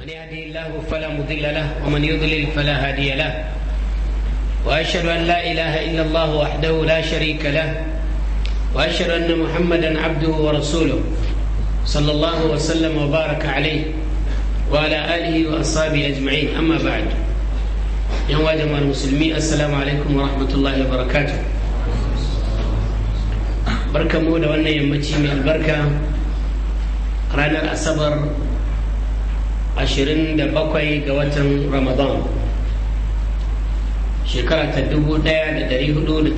من يهدي الله فلا مضل له ومن يضلل فلا هادي له واشهد ان لا اله الا الله وحده لا شريك له واشهد ان محمدا عبده ورسوله صلى الله وسلم وبارك عليه وعلى اله واصحابه اجمعين اما بعد يا جماعه المسلمين السلام عليكم ورحمه الله وبركاته بركه مو da wannan yammaci mai albarka ranar asabar Ashirin da bakwai ga watan ramadan shekara ta 1432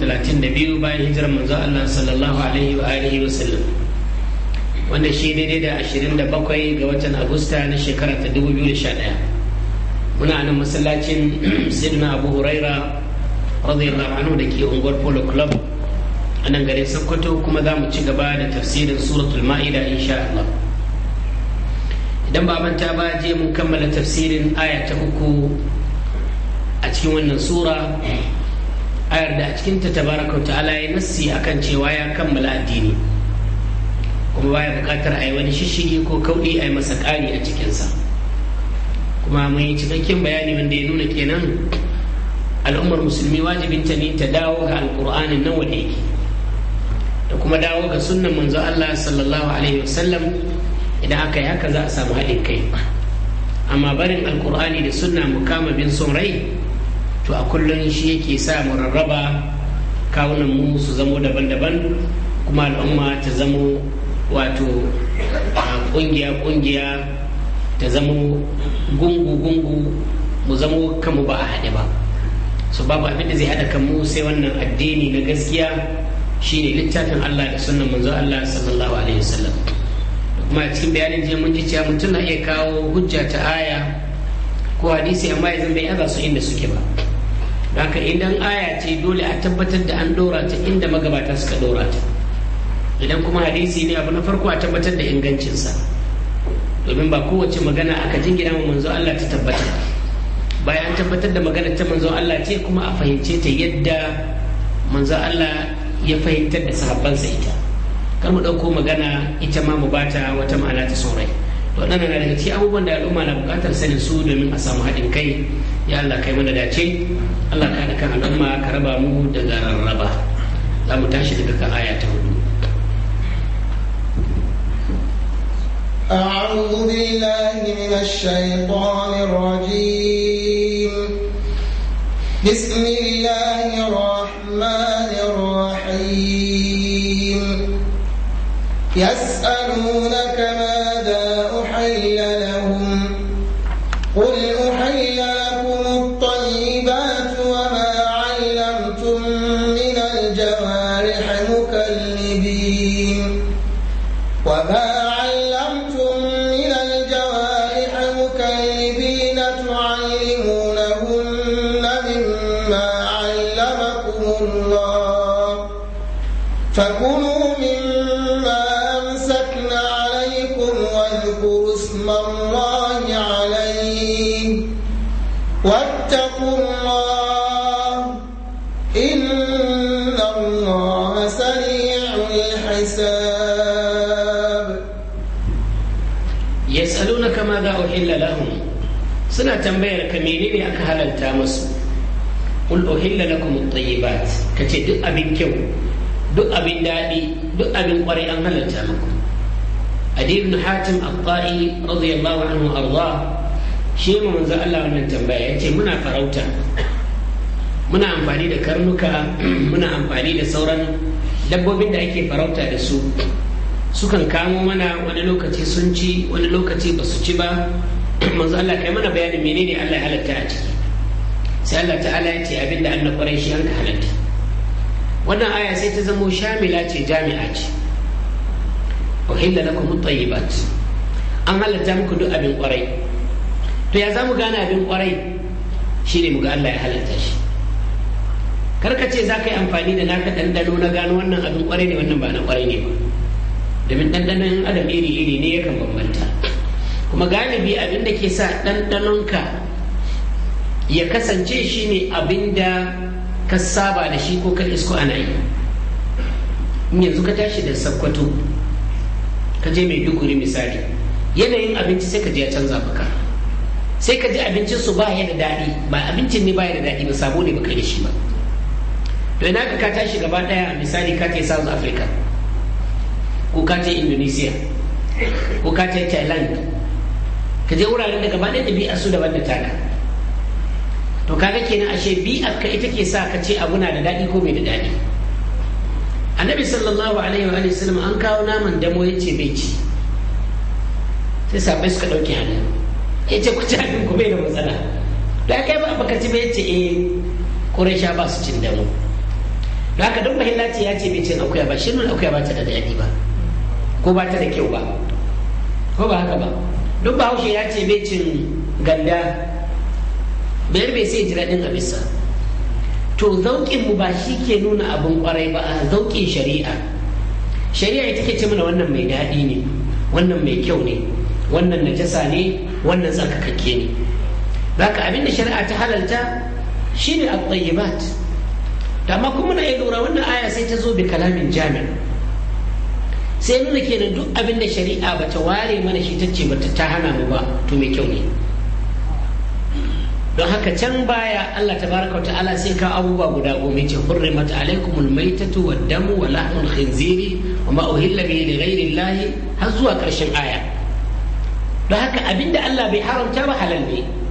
bayan hijirar manzo Allah sallallahu alaihi wa alihi wa sallam wanda shi daidai da bakwai ga watan agusta na shekara ta 2011 muna nan masallacin sidna abu huraira radiyallahu anhu da ke unguwar polo club a nan garin sokoto kuma za mu ci gaba da tafsirin suratul ma'ida insha Allah idan baban ta ba je mun kammala tafsirin aya ta uku a cikin wannan sura ayar da a cikinta tabaraka ta'ala ya nassi kan cewa ya kammala addini kuma baya bukatar a yi wani shishigi ko kauɗi a yi masa ƙari a cikinsa kuma mun yi cikakken bayani wanda ya nuna kenan al'ummar musulmi wajibinta ne ta dawo ga alƙur'anin nan wanda yake da kuma dawo ga sunnan manzo Allah sallallahu alaihi wasallam idan aka yi haka za a samu haɗin kai amma barin alkur'ani da sunna mu kama bin son rai to a kullum shi yake sa mu rarraba kawunan mu su zamo daban-daban kuma al'umma ta zamo wato kungiya-kungiya ta zamo gungu-gungu mu zamo kanmu ba a haɗe ba su babu abin da zai haɗa kanmu sai wannan addini na gaskiya shine littafin allah da sunan manzo allah sallallahu alaihi wasallam kuma cikin bayanin jiya mun ji cewa mutum na iya kawo hujja ta aya ko hadisi amma yanzu bai yaza su inda suke ba haka idan aya ce dole a tabbatar da an dora ta inda magabata suka dora ta idan kuma hadisi ne abu na farko a tabbatar da ingancinsa domin ba kowace magana aka jingina ma manzo Allah ta tabbata bayan an tabbatar da magana ta manzo Allah ce kuma a fahimce ta yadda manzo Allah ya fahimtar da sahabbansa ita kar mu ɗauko magana ita ma mu bata wata ma'ana ta tsorai to nan na daga cikin abubuwan da al'umma na buƙatar sanin su domin a samu haɗin kai ya Allah kai mana dace Allah ka da kan al'umma ka raba mu daga rarraba za mu tashi daga kan aya ta hudu أعوذ بالله من الشيطان الرجيم بسم الله الرحمن الرحيم يسألون الحساب يسألونك ماذا أحل لهم سنة تنبير كمينين أكهل التامس قل أحل لكم الطيبات كتي دؤ أبن كو دؤ أبن دادي دؤ أبن قري أنهل التامكم أدي بن حاتم الطائي رضي الله عنه أرضاه shi mu manzo Allah wannan tambaya yace muna farauta muna amfani da karnuka muna amfani da sauran dabbobin da ake farauta da su sukan kamo mana wani lokaci sun ci wani lokaci ba su ci ba manzo Allah kai mana bayanin menene Allah ya halatta a ciki sai Allah ta'ala ya ce abinda an na shi an ka halatta wannan aya sai ta zamo shamila ce jami'a ce uhilla lakum at-tayyibat an halatta muku duk abin kwarai to ya zamu gane abin kwarai shine mu ga Allah ya halatta shi kar ka ce za ka yi amfani da naka dandano na gano wannan abin kwarai ne wannan ba na kwarai ne ba domin ɗanɗanon adam iri iri ne yakan bambanta kuma galibi abin da ke sa ka ya kasance shine abin da ka saba da shi ko ka isko ana yi yanzu ka tashi da sakkwato ka je mai duguri misali yanayin abinci sai ka je ya canza baka sai ka ji abincin su ba ya da daɗi ba abincin ne ba ya da daɗi ba sabo ne baka yi shi ba to idan ka tashi gaba daya misali ka ce south africa ko ka ce indonesia ko ka ce thailand ka je wuraren da gaba daya ɗabi'a su daban da taka to kaga kenan ashe bi'ar ka ita ke sa ka ce abu na da daɗi ko bai da daɗi annabi sallallahu alaihi wa sallam an kawo naman damo ya ce bai ci sai sabai suka ɗauki hannu ya ce ku ci hannun ku bai da matsala da kai ba baka ci bai ce eh ƙurai sha ba su cin damo da haka duk mahillaci ya ce bai cin akuya ba shi nuna akuya ba ta da daɗi ba ko ba ta da kyau ba ko ba haka ba ba haushe ya ce bai cin ganda bayar bai sai ji daɗin abisa to zauƙin mu ba shi ke nuna abin ƙwarai ba a zauƙin shari'a shari'a ita ke ce mana wannan mai daɗi ne wannan mai kyau ne wannan najasa ne wannan tsarkakakke ne zaka abin da shari'a ta halalta shine at-tayyibat da amma kuma muna iya lura wannan aya sai ta zo bi kalamin jami'a sai nuna kenan duk abin da shari'a ba ta ware mana shi ta ce bata ta hana mu ba to mai kyau ne don haka can baya Allah ta wa ta'ala sai ka abubuwa guda goma ce hurrimat alaikum maitatu wad damu wa lahmul khinziri wa ma uhilla bihi li ghairi har zuwa karshen aya don haka abinda Allah bai haramta ba halal ne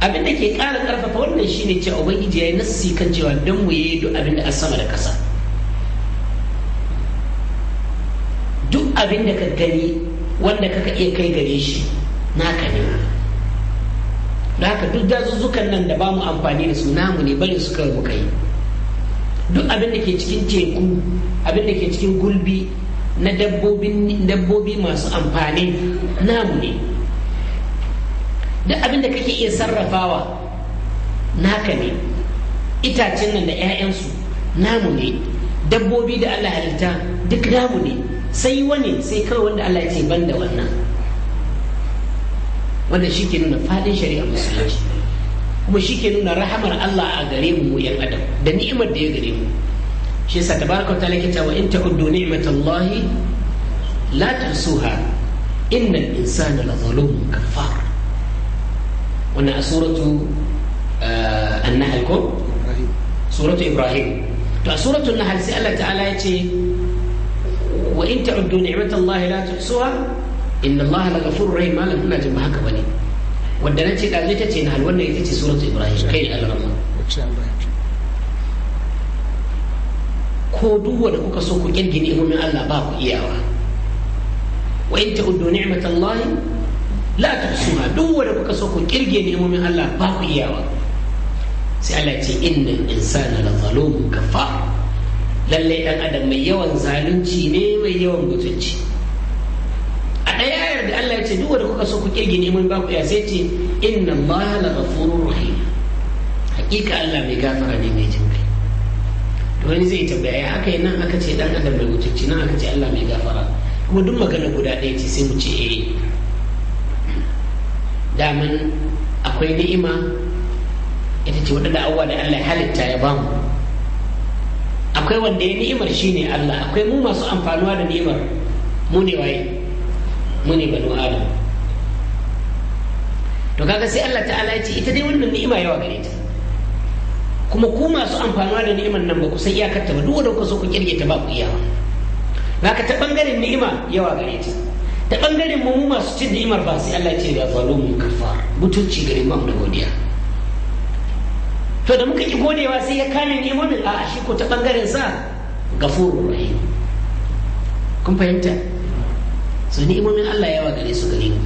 abin da ke ƙara ƙarfafa wannan shine cewa ubangiji ya yi nassi kan cewa don mu yi duk abin da a sama da ƙasa duk abin da ka gani wanda kaka iya kai gare shi naka ne haka duk dazuzzukan nan da ba mu amfani da su namu ne bari su kawai muka yi duk abin da ke cikin teku abin da ke cikin gulbi na dabbobi masu amfani namu ne duk abin da kake iya sarrafawa naka ne itacen nan da 'ya'yansu namu ne dabbobi da Allah halitta duk namu ne sai wani sai kawai wanda Allah ce ban da wannan wanda shi ke nuna fadin shari'a musulunci kuma shi ke nuna rahamar Allah a gare mu yan adam da ni'imar da ya gare mu shi yasa tabaraka ta lakita wa in ta'uddu ni'matallahi la tuhsuha innal insana la zalumun kafar wannan a suratu eh, annahal ko suratu ibrahim to a suratu nahal sai Allah ta'ala ya ce wa in ta'uddu Allah la tuhsuha inna Allah la ghafurur rahim malam ina jin ba haka bane wanda nace da ta ce nahal wannan ita ce suratu ibrahim kai al-rahman ko duk wanda kuka so ku kirgi ni'imomin Allah ba ku iyawa wa in ta'uddu Allah. la tusuna duk wanda kuka so ku kirge nemomin Allah ba ku iyawa sai Allah ce inna insana la zalumun kafa lalle dan adam mai yawan zalunci ne mai yawan mutunci a daya ayar da Allah ya ce duk wanda kuka so ku kirge nemomin ba ku iya sai ce inna ma la ghafurur rahim hakika Allah mai gafara ne mai jin kai wani zai tambaya ya aka yi nan aka ce dan adam mai mutunci nan aka ce Allah mai gafara kuma duk magana guda ɗaya ce sai mu ce eh daman akwai ni'ima ita ce waɗanda da'awa da Allah halitta ya bamu akwai wanda ya ni'imar shine Allah akwai mu masu amfanuwa da ni'imar mu ne waye mu ne banu adam to kaga sai Allah ta'ala ya ce ita dai wannan ni'ima yawa gare ta kuma ku masu amfanuwa da ni'imar nan ba ku san iyakar ta ba duk wanda ku so ku kirge ta ba ku iya ba ta bangaren ni'ima yawa gare ta da ɓangaren mu masu cin ni'imar ba sai Allah ce ya zalo mu kafar mutunci gare mu da godiya to da muka ki godewa sai ya ni ni'imomin a shi ko ta ɓangaren sa gafuru rahim kun fahimta su ni'imomin Allah yawa gare su gare mu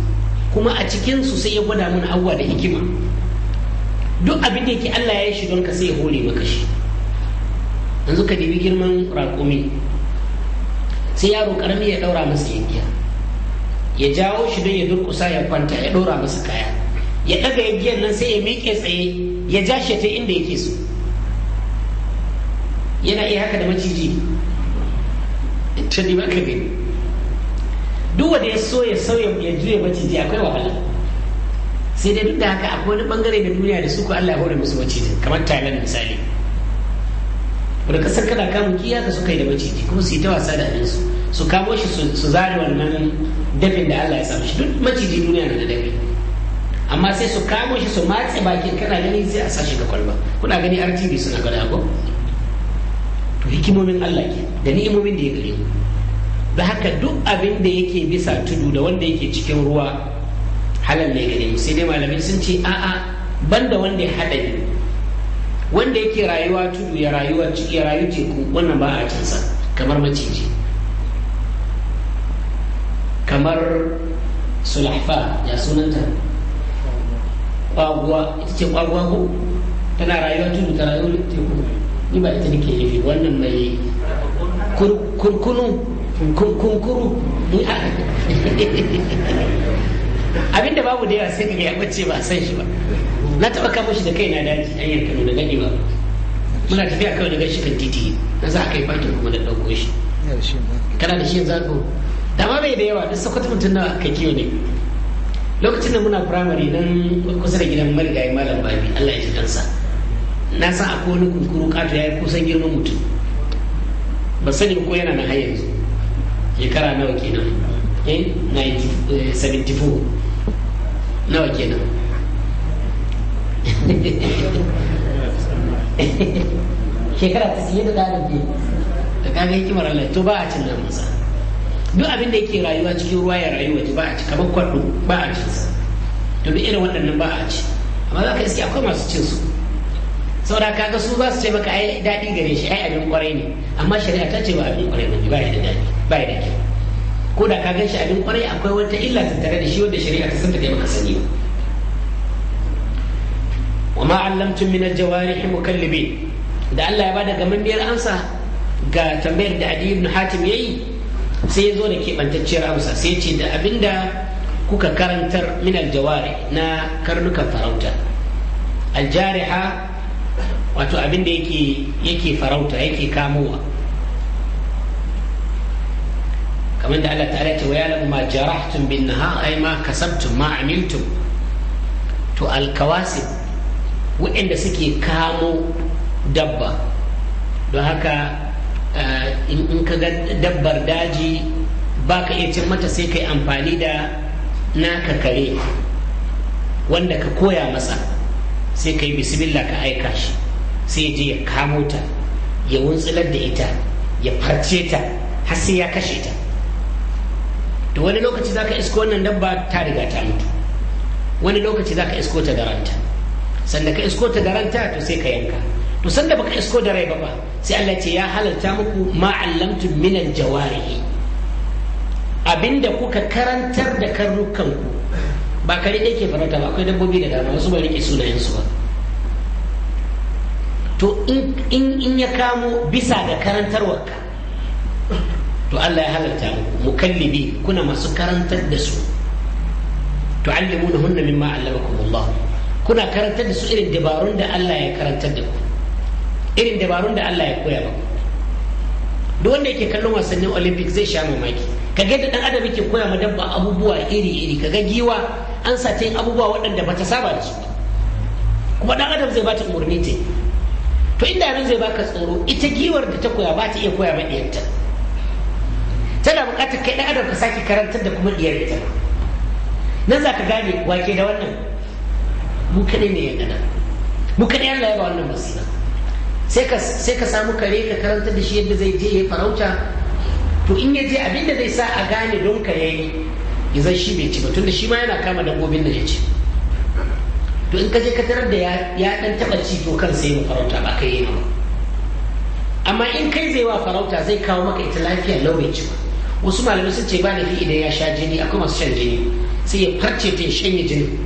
kuma a cikin su sai ya gwada mana abuwa da hikima duk abin da yake Allah ya yi shi don ka sai ya hore maka shi yanzu ka dibi girman raƙumi sai yaro karami ya daura masa yankiya ya jawo shi don ya durkusa ya kwanta ya ɗora masa kaya ya ɗaga igiyan nan sai ya miƙe tsaye ya ja shi ta inda yake so yana iya haka da maciji ta diba maka gani duk wanda ya so ya sauya ya juya maciji akwai wahala sai dai duk da haka akwai wani bangare da duniya da suka Allah ya hore musu maciji kamar Thailand misali wanda kasar kana kamun kiya ka suka yi da maciji kuma su yi ta wasa da su. su kamo shi su zare wannan dafin da Allah ya samu shi duk maciji duniya na da dafi amma sai su kamo shi su matse bakin kana gani sai a sashi ga kwalba kuna gani rtb suna gwada ko to hikimomin Allah ke da ni'imomin da ya gare da haka duk abin da yake bisa tudu da wanda yake cikin ruwa halal ne gare mu sai dai malamai sun ce a'a banda wanda ya ni. wanda yake rayuwa tudu ya rayuwa ya rayu teku wannan ba a cinsa kamar maciji kamar sulhafa ya sunanta kwaguwa ita ce kwaguwa ko tana rayuwa tudu ta da teku ni ba ita nake nufi wannan mai kurkunu kunkuru abinda babu da yawa sai ka ga ya bace ba san shi ba na taba kama shi da kai na daji an yi kano da gani ba muna tafiya kawai da gashi kan titi na za a kai fatin kuma da ɗauko shi kana da shi yanzu da ma bai da yawa duk sakwata mutum na kakiyo ne lokacin da muna firamare nan kusa da gidan marigayi malam babi allah ya ji kansa na san akwai wani kunkuru kato ya yi kusan girman mutum ba sani ko yana na har ya shekara nawa kenan eh 74 eh, nawa kenan shekara ta siye da ɗalibin da kaga hikimar allah to ba a cin namansa duk abin da yake rayuwa cikin ruwa ya rayu waje ba a ci kamar kwaɗo ba a ci to duk irin waɗannan ba a ci amma za ka iske akwai masu cin su saboda kaga su za su ce maka ai daɗi gare shi ai abin kwarai ne amma shari'a ta ce ba abin kwarai ne ba ya da daɗi ba ya da kyau ko da ka gan shi abin kwarai akwai wata illa tare da shi wanda shari'a ta san ta maka sani wa ma allamtum min al-jawarihi mukallibin da Allah ya bada gaman biyar Amsa ga tambayar da Adi ibn Hatim yayi sai ya zo da keɓantacciyar amsa sai ce da abinda kuka karantar min aljawari na karnukan farauta aljariha wato abinda yake yake farauta yake kamowa kamar da Allah ta'ala ta wayala ma jarahtum bin naha ai ma kasabtum ma amiltum to alkawasib waɗanda suke kamo dabba don haka eh, in ka ga dabbar daji ba ka iya cin mata sai ka yi amfani da naka kare wanda ka koya masa sai ka yi bismillah ka aika shi sai je ya kamo ta ya wuntsular da ita ya farce ta har sai ya kashe ta to wani lokaci za ka isko wannan dabba ta riga ta mutu wani lokaci za ka isko ta garanta sanda ka isko ta garanta to sai ka yanka to san da baka isko da rai ba sai Allah ce ya halalta muku ma allamtu min aljawarihi abinda kuka karantar da karnukan ku ba kare da ke farauta ba akwai dabbobi da dama wasu ba rike sunayen su ba to in ya kamo bisa ga ka to Allah ya halarta muku mukallibi kuna masu karantar da su To allimuna hunna mimma allamakum Allah kuna karantar da su irin dabarun da Allah ya karantar da ku irin dabarun da Allah ya koya ba duk wanda yake kallon wasannin olympic zai sha mamaki ka ga da dan adam yake koya ma dabba abubuwa iri iri ka ga giwa an sa ta yin abubuwa waɗanda ba ta saba da su kuma dan adam zai bata umarni ta to inda yanzu zai baka tsoro ita giwar da ta koya ba ta iya koya ma diyarta tana buƙatar kai dan adam ka sake karantar da kuma diyar nan za ka gane wake da wannan mu kaɗai ne ya gana mu kaɗai Allah ya ba wannan basira sai ka samu kare ka karanta da shi yadda zai je ya farauta to in ya je abin da zai sa a gane don ka yayi zai shi bai ci ba tunda shi ma yana kama gobin da ya ci to in ka je ka tarar da ya dan taba ci to kan sai mu farauta ba kai yana amma in kai zai wa farauta zai kawo maka ita lafiya lau bai ci ba wasu malamai sun ce ba da fi idan ya sha jini akwai masu shan jini sai ya farce ta ya shanye jini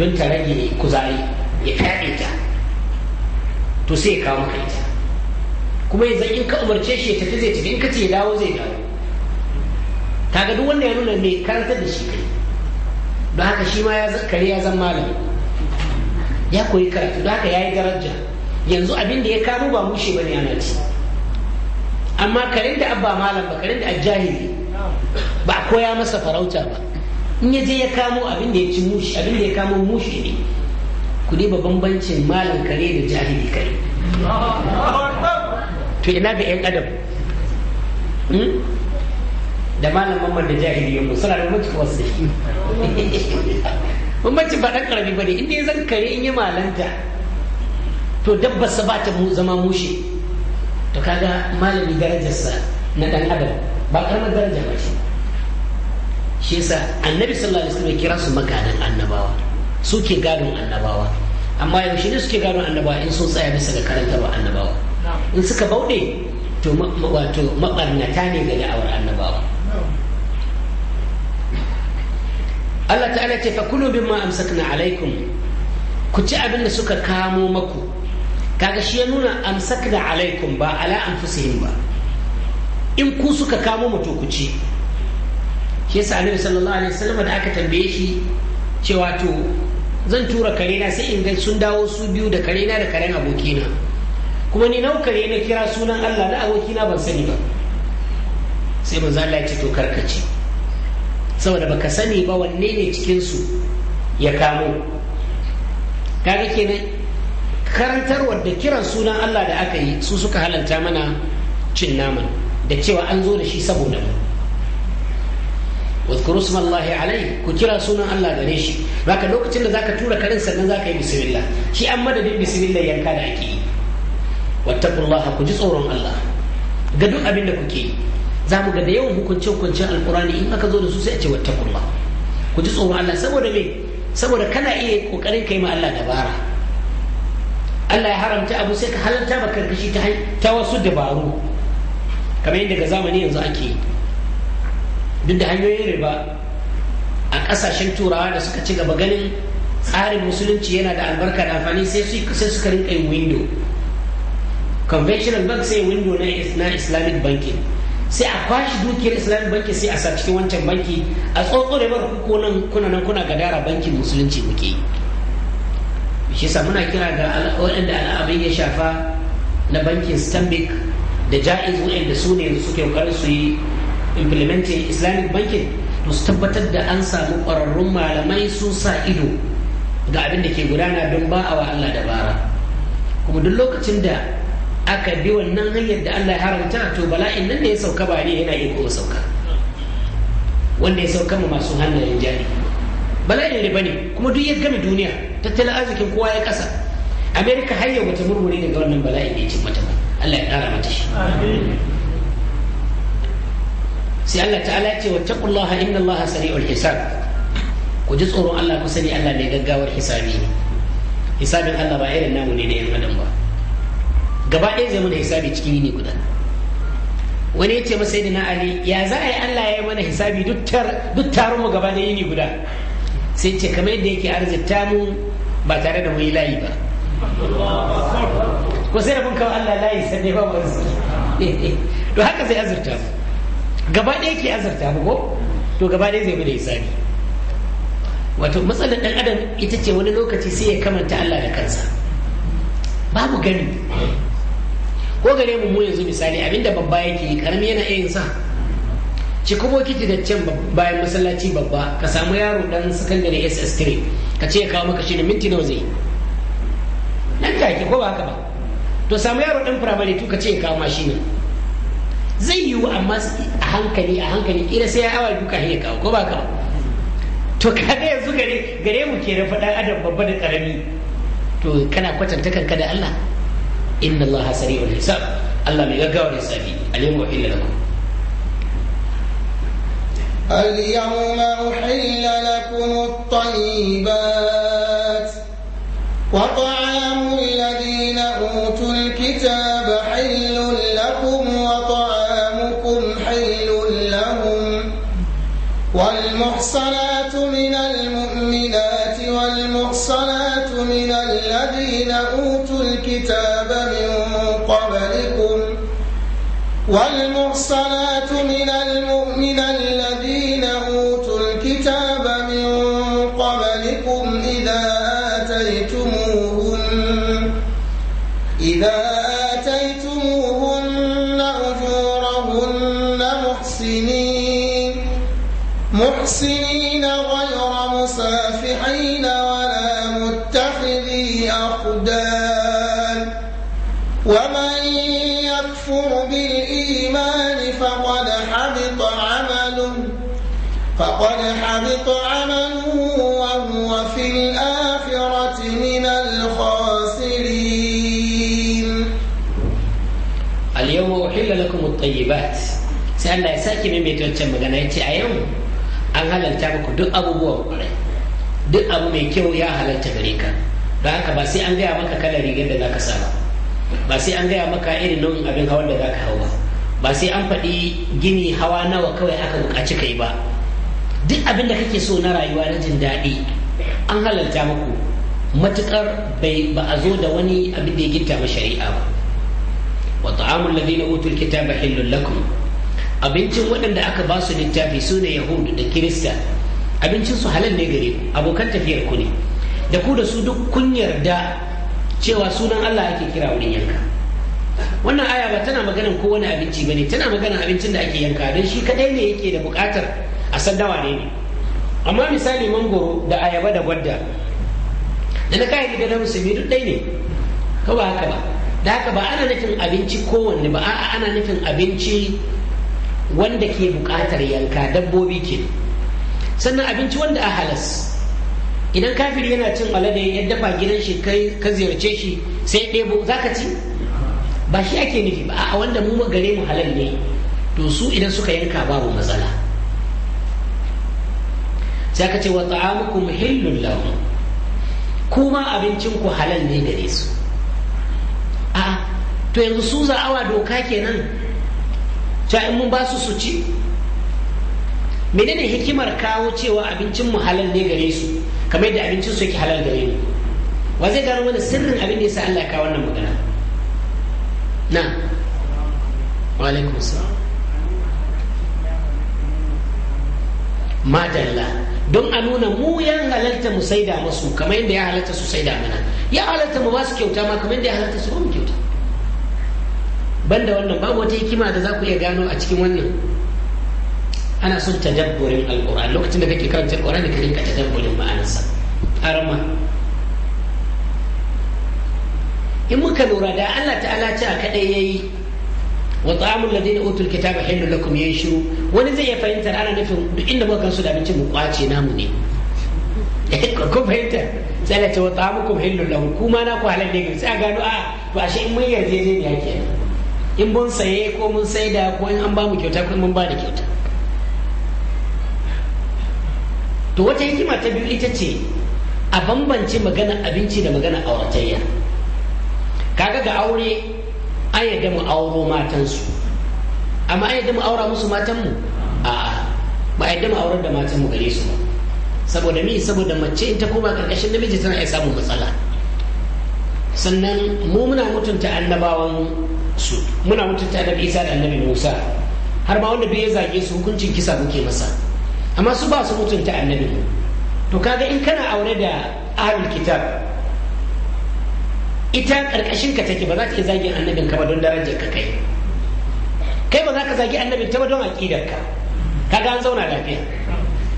don ta rage kuzari ya fyaɗe ta to sai ya kawo maka ita kuma yanzu in ka umarce shi ya tafi zai tafi in ka ce ya dawo zai dawo ga duk wanda ya nuna mai karantar da shi kai don haka shi ma ya kare ya zan malam ya koyi karatu don haka ya yi daraja yanzu abin da ya kamo ba mushe ne ana ci amma karin da abba malam ba karin da ajahili ba a koya masa farauta ba in ya je ya kamo abin da ya ci mushi abin da ya kamo mushi ne ku diba bambancin malam kare da jahili kare to ina ga yan adam hmm? da malam mamman da jahili yanku suna da mutu wasu bambancin ba dan karami ne, in ya zan kare in yi malanta to dabba sa ba ta zama mushe to kaga malami darajarsa na dan adam ba karamar daraja ba ce shi yasa annabi sallallahu alaihi wasallam kira su makanan annabawa suke gadon annabawa amma yaushe ne suke gadon annabawa in sun tsaya bisa ga karantarwa annabawa in suka bauɗe to wato maɓarnata ne ga da'awar annabawa Allah ta'ala ce fakulu bin ma amsakna alaikum ku ci abin da suka kamo maku kaga shi ya nuna amsakna alaikum ba ala anfusihim ba in ku suka kamo to ku ci shi yasa annabi sallallahu alaihi wasallam da aka tambaye shi cewa to zan tura kare na sai in ga sun dawo su biyu da kare na da karen abokina kuma ni nau kare na kira sunan Allah na abokina ban sani ba sai manzo Allah ya ce to karkace saboda baka sani ba wanne ne cikin su ya kamo kaga kenan karantarwar da kiran sunan Allah da aka yi su suka halanta mana cin naman da cewa an zo da shi saboda mu wadhkuru smallahi alayhi ku kira sunan Allah gare shi baka lokacin da zaka tura karin sannan zaka yi bismillah shi an madadin bismillah yanka da ake yi wattaqullaha ku ji tsoron Allah ga duk abin da kuke za mu ga da yawan hukunce hukuncen alkurani in aka zo da su sai a ce wattaqullah ku ji tsoron Allah saboda me saboda kana iya kokarin kai ma Allah dabara Allah ya haramta abu sai ka halarta ba karkashi ta wasu dabaru Ka yadda zamani yanzu ake yi duk da hanyoyin riba a kasashen turawa da suka ci gaba ganin tsarin musulunci yana da albarka da amfani sai suka rinka yin window conventional bank sai window na islamic banking sai a kwashi dukiyar islamic banki sai a sa cikin wancan banki a da bar ko nan kuna nan kuna gadara bankin musulunci muke shi sa muna kira ga waɗanda al'abin ya shafa na bankin stanbic da ja'iz waɗanda su ne suke ƙoƙarin su yi implementing islamic banking to su tabbatar da an samu ƙwararrun malamai sun sa ido ga abin da ke gudana don ba a wa Allah dabara kuma duk lokacin da aka bi wannan hanyar da Allah ya haramta to bala'in nan da ya sauka ba ne yana iya kuma sauka wanda ya sauka ma masu hannayen jari bala'in riba ne kuma duk ya gami duniya tattalin arzikin kowa ya kasa amerika har yau bata murmure daga wannan bala'in ne ya mata ba Allah ya kara mata shi sai Allah ta'ala ce wa taqullaha inna Allah sari'ul hisab ku ji tsoron Allah ku sani Allah mai gaggawar hisabi ne hisabin Allah ba irin namu ne da yan adam ba gaba ɗaya zai mana hisabi cikin yini guda wani ya ce masa na Ali ya za a yi Allah ya yi mana hisabi duk taron mu gaba ɗaya yini guda sai ce kamar yadda yake arzita mu ba tare da muyi layi ba ko sai da mun Allah layi sanne ba mu arziki to haka zai azurta mu gaba ɗaya ke azarta ba ko to gaba ɗaya zai bi da hisabi wato matsalar ɗan adam ita ce wani lokaci sai ya kamanta Allah da kansa babu gani ko gare mu mu yanzu misali abinda babba yake yi karami yana iya yin sa ci kuma kiti da can bayan masallaci babba ka samu yaro dan sakandare ss3 ka ce ya kawo maka shi da minti nawa zai nan take ko ba haka ba to samu yaro dan firamare tu ka ce ya kawo mashi ne zai yiwu amma a hankali a hankali kila sai ya awa duka hanyar kawo ko ba kawo. to kaga yanzu gare gare mu ke rafa dan adam babba da karami to kana kwatanta kanka da Allah inna Allah sari'ul hisab Allah mai gaggawa da hisabi alim wa illa lakum اليوم أحل لكم الطيبات وطعام الذين أوتوا الكتاب المحصنات من المؤمنات والمحصنات من الذين أوتوا الكتاب من قبلكم والمحصنات من المؤمنات محسنين غير مسافحين ولا متخذي أقدان ومن يكفر بالإيمان فقد حبط عمله فقد حبط عمله وهو في الآخرة من الخاسرين اليوم أحل لكم الطيبات سألنا ساكي من sake maimaita يتعيون an halalta muku duk abubuwan kwarai duk abu mai kyau ya halarta gare ka don haka ba sai an gaya maka kalar rigar da za ka saba ba sai an gaya maka irin nau'in abin hawan da za ka hau ba ba sai an faɗi gini hawa nawa kawai aka buƙaci kai ba duk abin da kake so na rayuwa na jin daɗi an halarta muku matuƙar ba a zo da wani abin da ya ginta ma shari'a ba wa ta'amul ladina utul kitaba hillul lakum abincin waɗanda aka ba su littafi su ne yahudu da kirista abincin su halal ne gare ku abokan tafiyar ku ne da ku da su duk kun yarda cewa sunan Allah ake kira wurin yanka wannan aya ba tana maganan ko wani abinci bane tana maganan abincin da ake yanka don shi kadai ne yake da bukatar a sadawa ne amma misali mangoro da ayaba da gwadda da na kayan gidan na musulmi duk ɗai ne ka ba haka ba da haka ba ana nufin abinci kowanne ba a'a ana nufin abinci wanda ke buƙatar yanka dabbobi ke sannan abinci wanda a halas idan kafiri yana cin alade ya dafa gidan shi kai ka ziyarce shi sai ya ɗebo za ka ci ba shi ake nufi ba a wanda mu gare mu halal ne to su idan suka yanka babu matsala sai ka ce wa ta'amukum hillul lahum kuma abincin ku halal ne gare su a to yanzu su za'awa doka kenan cewa in mun ba su su ci menene hikimar kawo cewa abincin mu halal ne gare su kamar yadda abincin su yake halal gare mu wa zai gano mana sirrin abin da yasa Allah ya kawo wannan magana na wa alaikum assalam madalla don a nuna mu ya halarta mu saida masu kamar yadda ya halarta su saida mana ya halarta mu ba su kyauta ma kamar yadda ya halarta su ba mu kyauta banda wannan babu wata hikima da za ku iya gano a cikin wannan ana son tadabburin alƙur'ani lokacin da kake karanta alƙur'ani ka rinka tadabburin ma'anarsa arma in muka lura da Allah ta'ala ce kadai yayi wa ta'amul ladina utul kitaba hillu lakum yayi shiru wani zai iya fahimtar ana nufin duk inda muka kansu da abinci mu kwace namu ne ko fahimta sai ta wa ta'amukum hillu lahum kuma na ku halal ne sai a gano a to ashe in mun yarda ne ya kenan in mun saye ko mun saida ko in an ba mu kyauta ko mun ba da kyauta to wata hikima ta biyu ita ce a bambance magana abinci da magana auratayya kaga ga aure an yadda mu auro matansu amma an yadda mu aura musu matanmu a ba a yadda mu aurar da matanmu gare su ba saboda mi saboda mace in ta koma karkashin namiji tana iya samun matsala sannan mu muna mutunta annabawan su muna mutunta annabi isa da annabi musa har ma wanda bai ya zage su hukuncin kisa muke masa amma su ba su mutunta annabi mu to kaga in kana aure da ahlul kitab ita karkashin ka take ba za ta iya zagin annabin ka ba don darajar ka kai kai ba za ka zagi annabin ta ba don aqidar ka kaga an zauna lafiya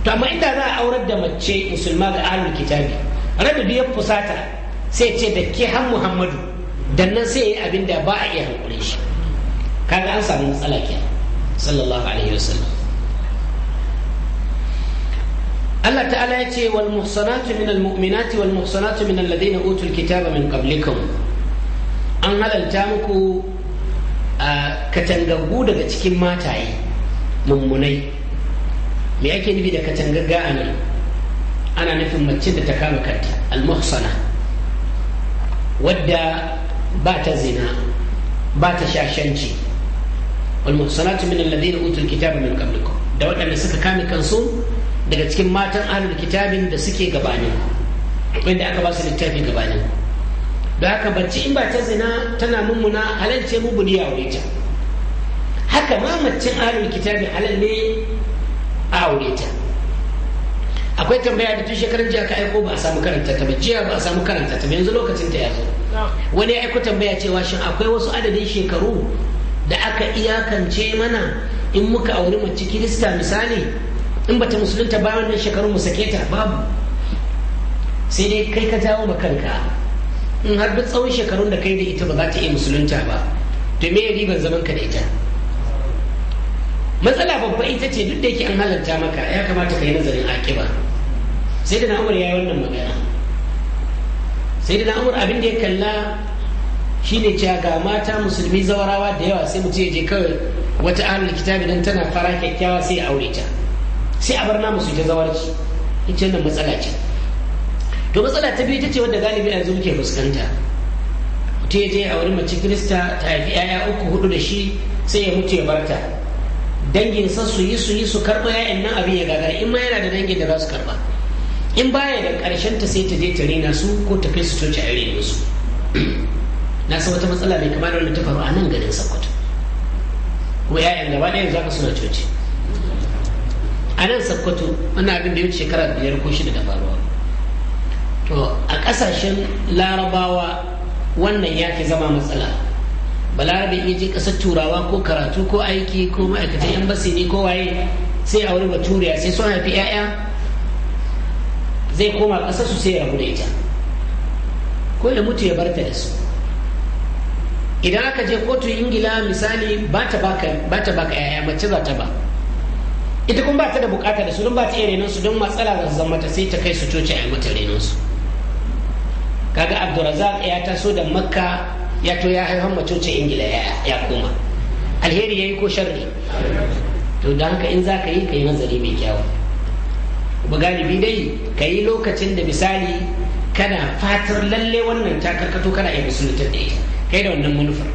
to amma inda za a aurar da mace musulma ga ahlul kitabi rabbi biyar fusata sai ce da ke han muhammadu dan nan sai ya yi abin da ba a iya hankure shi kaga an samu matsala ke sallallahu alaihi wasallam Allah ta'ala ya ce wal muhsanatu min al mu'minati wal muhsanatu min alladhina utul kitaba min qablikum an halalta muku katangaggu daga cikin mataye mummunai me ake nufi da katangagga a nan ana nufin mace da ta kama kanta al muhsana wadda ba ta zina ba ta shashanci wal muhsanatu min alladhina utul kitaba min qablikum da wadanda suka kame kansu daga cikin matan ahlul kitabin da suke gabanin wanda aka ba su littafi gabanin da haka bacci in ba ta zina tana mummuna halalce mu buriya aure ta haka ma macin ahlul kitabi halal ne a aure ta akwai tambaya da tun shekaran jiya ka aiko ba a samu karanta ta ba jiya ba a samu karanta ta yanzu lokacin ta ya zo wani ya aiko tambaya cewa shin akwai wasu adadin shekaru da aka iyakance mana in muka auri mace kirista misali in bata musulunta ba wannan shekaru mu sake ta babu sai dai kai ka jawo ma kanka in har duk tsawon shekarun da kai da ita ba za ta iya musulunta ba to me riban zaman ka da ita matsala babba ita ce duk da yake an halarta maka ya kamata ka yi nazarin akiba sai da umar ya yi wannan magana sai da umar abin da ya kalla shine cewa ga mata musulmi zawarawa da yawa sai mutum ya je kawai wata ahlul kitabi dan tana fara kyakkyawa sai ya aure ta sai a bar namu su ta zawarci ce wannan matsala ce to matsala ta biyu ita ce wadda galibi yanzu muke fuskanta mutum ya je a wurin mace kirista ta haifi 'ya'ya uku hudu da shi sai ya mutu ya barta danginsa su yi su yi su karɓa 'ya'yan nan abin ya gagara in ma yana da dangin da za su karɓa in baya da karshen ta sai ta je ta rina su ko ta kai su coci a rena su na san wata matsala mai kamar da wanda ta faru a nan garin Sokoto kuma yayan gaba ɗaya yanzu suna coci a nan Sokoto wani abin da ya wuce shekara biyar ko shida da faruwa to a ƙasashen larabawa wannan ya fi zama matsala balarabe ya je ƙasar turawa ko karatu ko aiki ko ma'aikatan yan basi ne ko waye sai a wani baturiya sai sun haifi 'ya'ya zai koma ƙasar su sai ya rabu da ita ko ya mutu ya barta da su idan aka je kotun ingila misali ba ta baka yaya mace za ta ba ita kuma ba ta da bukata da su don ba ta iya renon su don matsala za su zama ta sai ta kai su coci a mata renon su kaga abdurazak ya taso da makka ya to ya haifan macocin ingila ya koma alheri ya yi ko sharri to da haka in za ka yi ka yi nazari mai kyawu ba galibi dai ka yi lokacin da misali kana fatar lalle wannan ta karkato kana iya musulun da ita kai da wannan manufar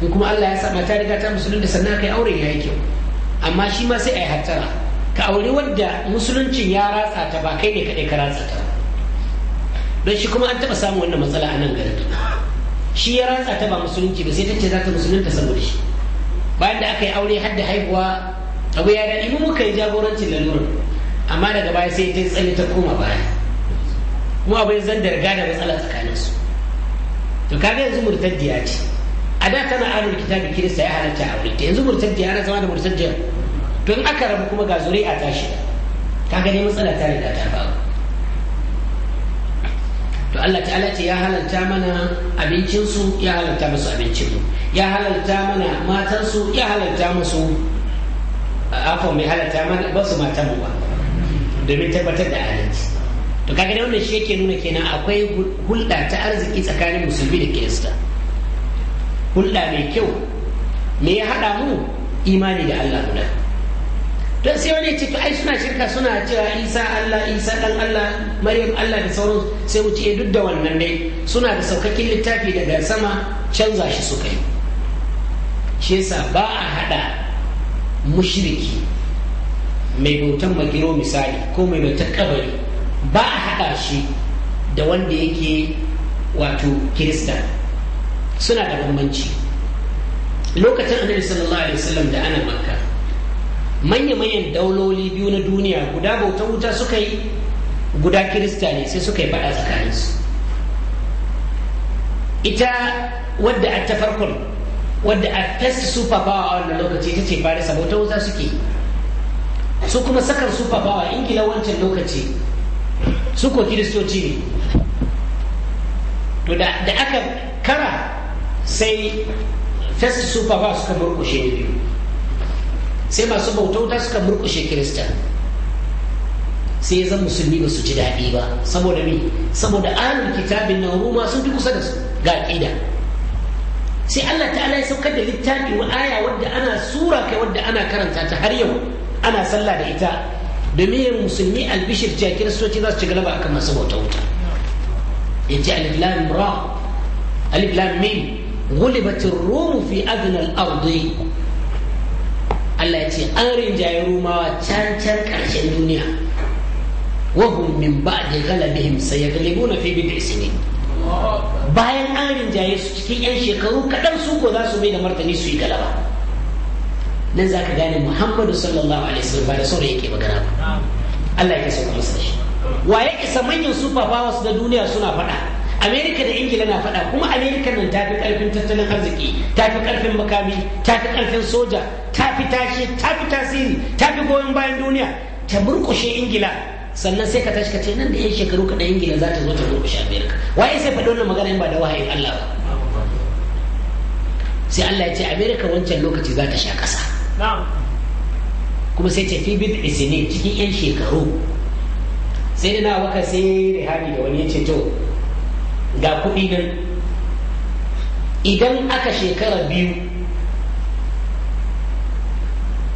in kuma Allah ya sa mata riga ta musulun da sannan kai aure ya yi kyau amma shi ma sai a yi hattara ka aure wadda musuluncin ya ratsa ta ba kai ne kaɗai ka ratsa ta don shi kuma an taɓa samun wannan matsala a nan garin shi ya ratsa ta ba musulunci ba sai ta ce za ta musulunta saboda shi bayan da aka yi aure har da haihuwa abu ya daɗi mu muka yi jagorancin lalurar amma daga baya sai ta tsalle ta koma baya kuma abin zan da riga da matsala tsakanin su to kaga yanzu murtaddiya ce a da tana arin kitabin kirista ya halarta a wurin yanzu murtaddiya ana zama da murtaddiya to in aka rabu kuma ga zuri'a ta shi kaga dai matsala ta riga ta faru to Allah ta'ala ce ya halarta mana abincinsu ya halarta musu abincinmu ya halarta mana matansu ya halarta musu afon mai halarta mana ba su matan mu ba domin tabbatar da adalci to kaga da wannan shi yake nuna kenan akwai hulɗa ta arziki tsakanin musulmi da kirista hulɗa mai kyau me ya haɗa mu imani da Allah guda don sai wani ce to ai suna shirka suna cewa isa Allah isa dan Allah maryam Allah da sauran sai mu ce eh, duk da wannan dai suna da saukakin littafi daga sama canza shi suka yi shi yasa ba a haɗa mushriki mai bautan magiro misali ko mai bautan kabari ba a haɗa shi da wanda yake wato kirista suna da bambanci lokacin annabi sallallahu alaihi wasallam da ana makka manya-manyan dauloli biyu na duniya guda bautan wuta suka yi guda kirista ne sai suka yi faɗa tsakaninsu ita wadda a ta farkon wadda a test super power a wannan lokaci ita ce fari bautan wuta suke su kuma sakar su fafawa ingila wancan lokaci su ko kiristoci ne to da aka kara sai fes su fafawa suka murkushe ne biyu sai masu bautauta suka murkushe kirista sai zan musulmi ba su ci daɗi ba saboda mi saboda ahlul kitabin nan ruma sun fi kusa da su ga ƙida sai Allah ta'ala ya saukar da littafi wa aya wadda ana sura kai wadda ana karanta ta har yau ana sallah da ita domin yin musulmi albishir cewa kiristoci za su ci galaba akan masu bauta wuta ya ce alif lam ra alif lam mim gulibatin rumu fi adnal ardi Allah ya ce an rinjaye rumawa can can karshen duniya wahum min ba'di ghalabihim na fi bid'i sinin bayan an rinjaye su cikin yan shekaru kaɗan su ko za su mai da martani su yi galaba nan za ka gane muhammadu sallallahu alaihi wasallam ba da sauran yake magana ba Allah ya sauka masa shi wa ya isa manyan super powers da duniya suna faɗa amerika da ingila na faɗa kuma amerika nan tafi fi ƙarfin tattalin arziki tafi fi ƙarfin makami tafi fi ƙarfin soja tafi fi tashi ta tasiri tafi goyon bayan duniya ta burkushe ingila sannan sai ka tashi ka ce nan da 'yan shekaru kaɗan ingila za ta zo ta murƙushe amerika waye sai faɗi wannan magana ba da wahayin allah ba sai allah ya ce amerika wancan lokaci za ta sha ƙasa kuma sai ce fi bid isini cikin yan shekaru sai da na waka sai rihabi da wani ya ce to ga kuɗi nan idan aka shekara biyu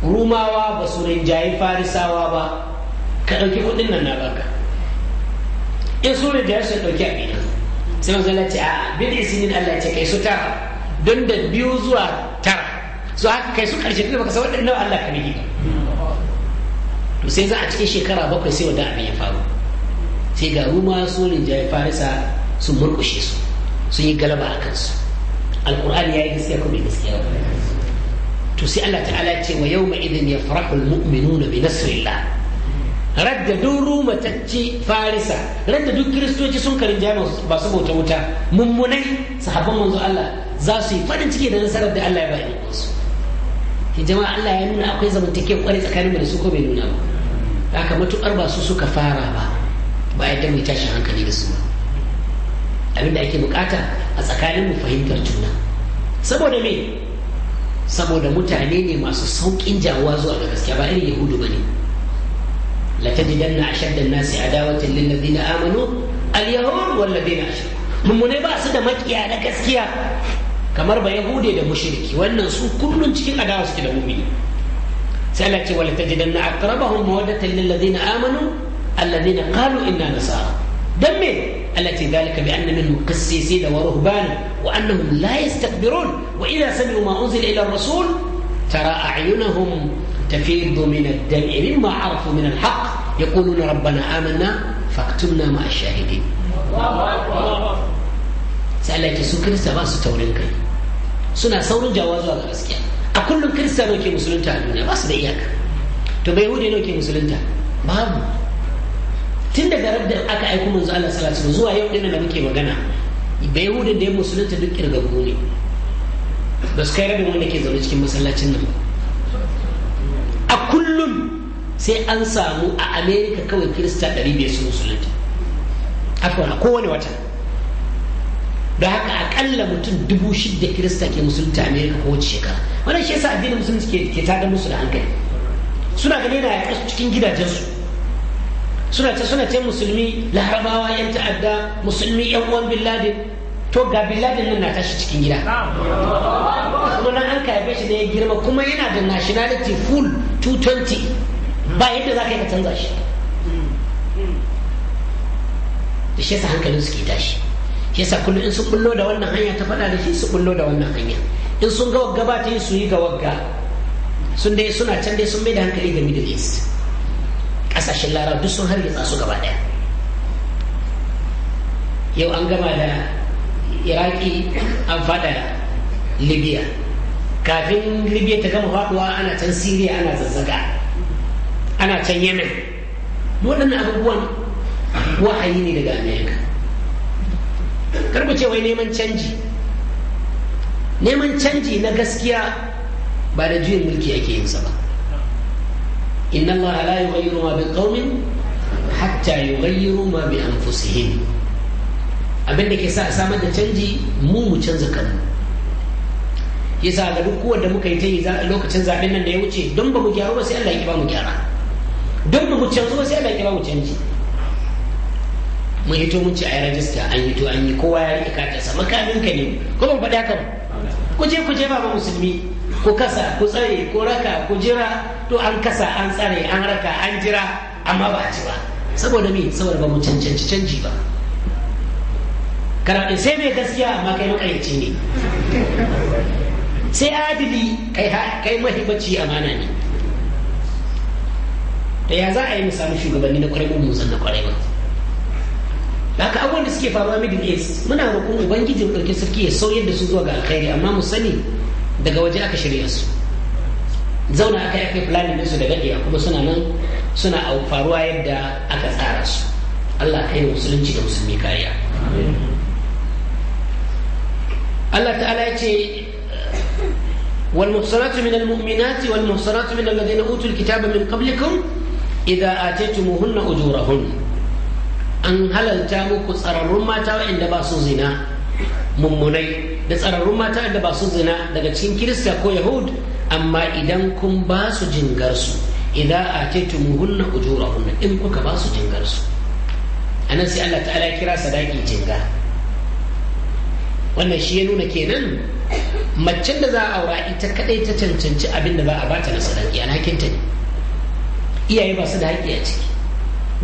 rumawa ba su rinjayi farisawa ba ka ɗauki kuɗin nan na baka in su rinjayi su ɗauki a biyu sai wanzu lati a bid isinin allah ce kai su tara don da biyu zuwa tara so haka kai su karshe da baka san wannan nawa Allah ka rige to sai za a cikin shekara bakwai sai wanda abin ya faru sai ga ruma su rinjaye farisa sun murkushe su sun yi galaba a kansu alkur'ani ya yi gaskiya ko bai gaskiya ba to sai Allah ta'ala ce wa yawma idin yafrahu almu'minuna bi nasrillah radda duk rumatacci farisa radda duk kiristoci sun karin jami'a ba su bauta wuta mummunai sahabban manzo Allah za su yi farin ciki da nasarar da Allah ya ba su ki jama'a Allah ya nuna akwai zamantakewa kwarai tsakanin da su ko bai nuna ba haka matukar ba su suka fara ba ba yadda mai tashi hankali da su ba abin da ake bukata a tsakanin mu fahimtar juna saboda me saboda mutane ne masu saukin jawuwa zuwa ga gaskiya ba irin yahudu bane la tajidanna ashadda an-nasi adawatan lil ladina amanu al-yahud wal ladina ashraku mummune ba su da makiya na gaskiya kamar ba yahude da mushriki wannan su kullun cikin adawa suke da mu'mini sai Allah ce wala tajidanna aqrabahum mawaddatan lil ladina amanu alladina qalu inna nasara dan me Allah ce dalika bi anna minhum qissisi da wa ruhbana wa annahum la yastakbirun wa idha sami'u ma unzila ila ar-rasul tara a'yunahum تفيض من الدمع مما عرفوا من الحق يقولون ربنا آمنا فاكتبنا مع الشاهدين سألت سكر سباس تورين كي suna saurin jawa zuwa ga gaskiya a kullum kirista nawa ke musulunta a duniya ba su da iyaka to bai hudu nawa ke musulunta babu tun daga radda aka aiko manzo Allah sallallahu alaihi zuwa yau dinnan da muke magana bai hudu da ya musulunta duk kirgagu ne ba su kai rabin wanda ke zaune cikin masallacin nan a kullum sai an samu a america kawai kirista 500 su musulunta haka kowane wata Da haka akalla mutum dubu shida kirista ke musulunta amerika ko wace shekara wannan shi yasa addinin musulunci ke tada musu da hankali suna da na yaƙa cikin gidajensu suna ta suna ta musulmi larabawa yan ta'adda musulmi yan uwan bin laden to ga bin laden nan na tashi cikin gida kuma nan an kayabe shi da ya girma kuma yana da nationality full 220 ba yadda za ka yi ka canza shi da shi yasa hankalin su ke tashi yasa kullum in sun bullo da wannan hanya ta faɗa da shi su bullo da wannan hanya in sun ga wagga ba ta yi su yi ga wagga sun dai suna can dai sun mai da hankali ga middle east ƙasashen lara duk sun hargitsa su gaba ɗaya yau an gama da iraki an faɗa libya kafin libya ta gama faɗuwa ana can syria ana zazzaga ana can yemen waɗannan abubuwan wahayi ne daga amerika kar ce wai neman canji neman canji na gaskiya ba da juyin mulki ake yin sa ba inna Allah la yughayyiru ma qaumin hatta yughayyiru ma bi anfusihim abin da ke sa a samar da canji mu mu canza kanmu yasa ga duk wanda muka yi ta yi lokacin zaben nan da ya wuce don ba mu gyaru ba sai Allah ya ba mu gyara don ba mu canzo ba sai Allah ya ba mu canji mun hito mun ce a yi rajista an hito an yi kowa ya riƙe katarsa makamin ka ne ko ban faɗi haka ba ku je ku je ba musulmi ku kasa ku tsare ku raka ku jira to an kasa an tsare an raka an jira amma ba a ci ba saboda me saboda ba mu cancanci canji ba karaɗe sai mai gaskiya amma kai makarici ne sai adili kai mahimmanci amana ne da ya za a yi misali shugabanni na kwarai mu san na kwarai ba haka abubuwan da suke faruwa middle east muna roƙon ubangiji ɗauki sarki ya sauyar da su zuwa ga alkhairi amma mu sani daga waje aka shirya su zauna aka yi aka planning su da daɗe kuma suna nan suna faruwa yadda aka tsara su allah ka yi musulunci da musulmi kariya allah ta'ala ya ce والمحصنات من المؤمنات والمحصنات من الذين أوتوا الكتاب من قبلكم إذا آتيتموهن أجورهن an halalta muku tsararrun mata waɗanda ba su zina mummunai da tsararrun mata waɗanda ba su zina daga cikin kirista ko yahud amma idan kun ba su jingarsu idan a taitumuhunna ujurahunna in kuka ba su jingarsu a nan sai allah ta'ala kira sadaki jinga wannan shi ya nuna kenan macen da za a aura ita kadai ta cancanci abin da za a bata na sadaki alhakinta ne iyaye ba su da haƙƙi a ciki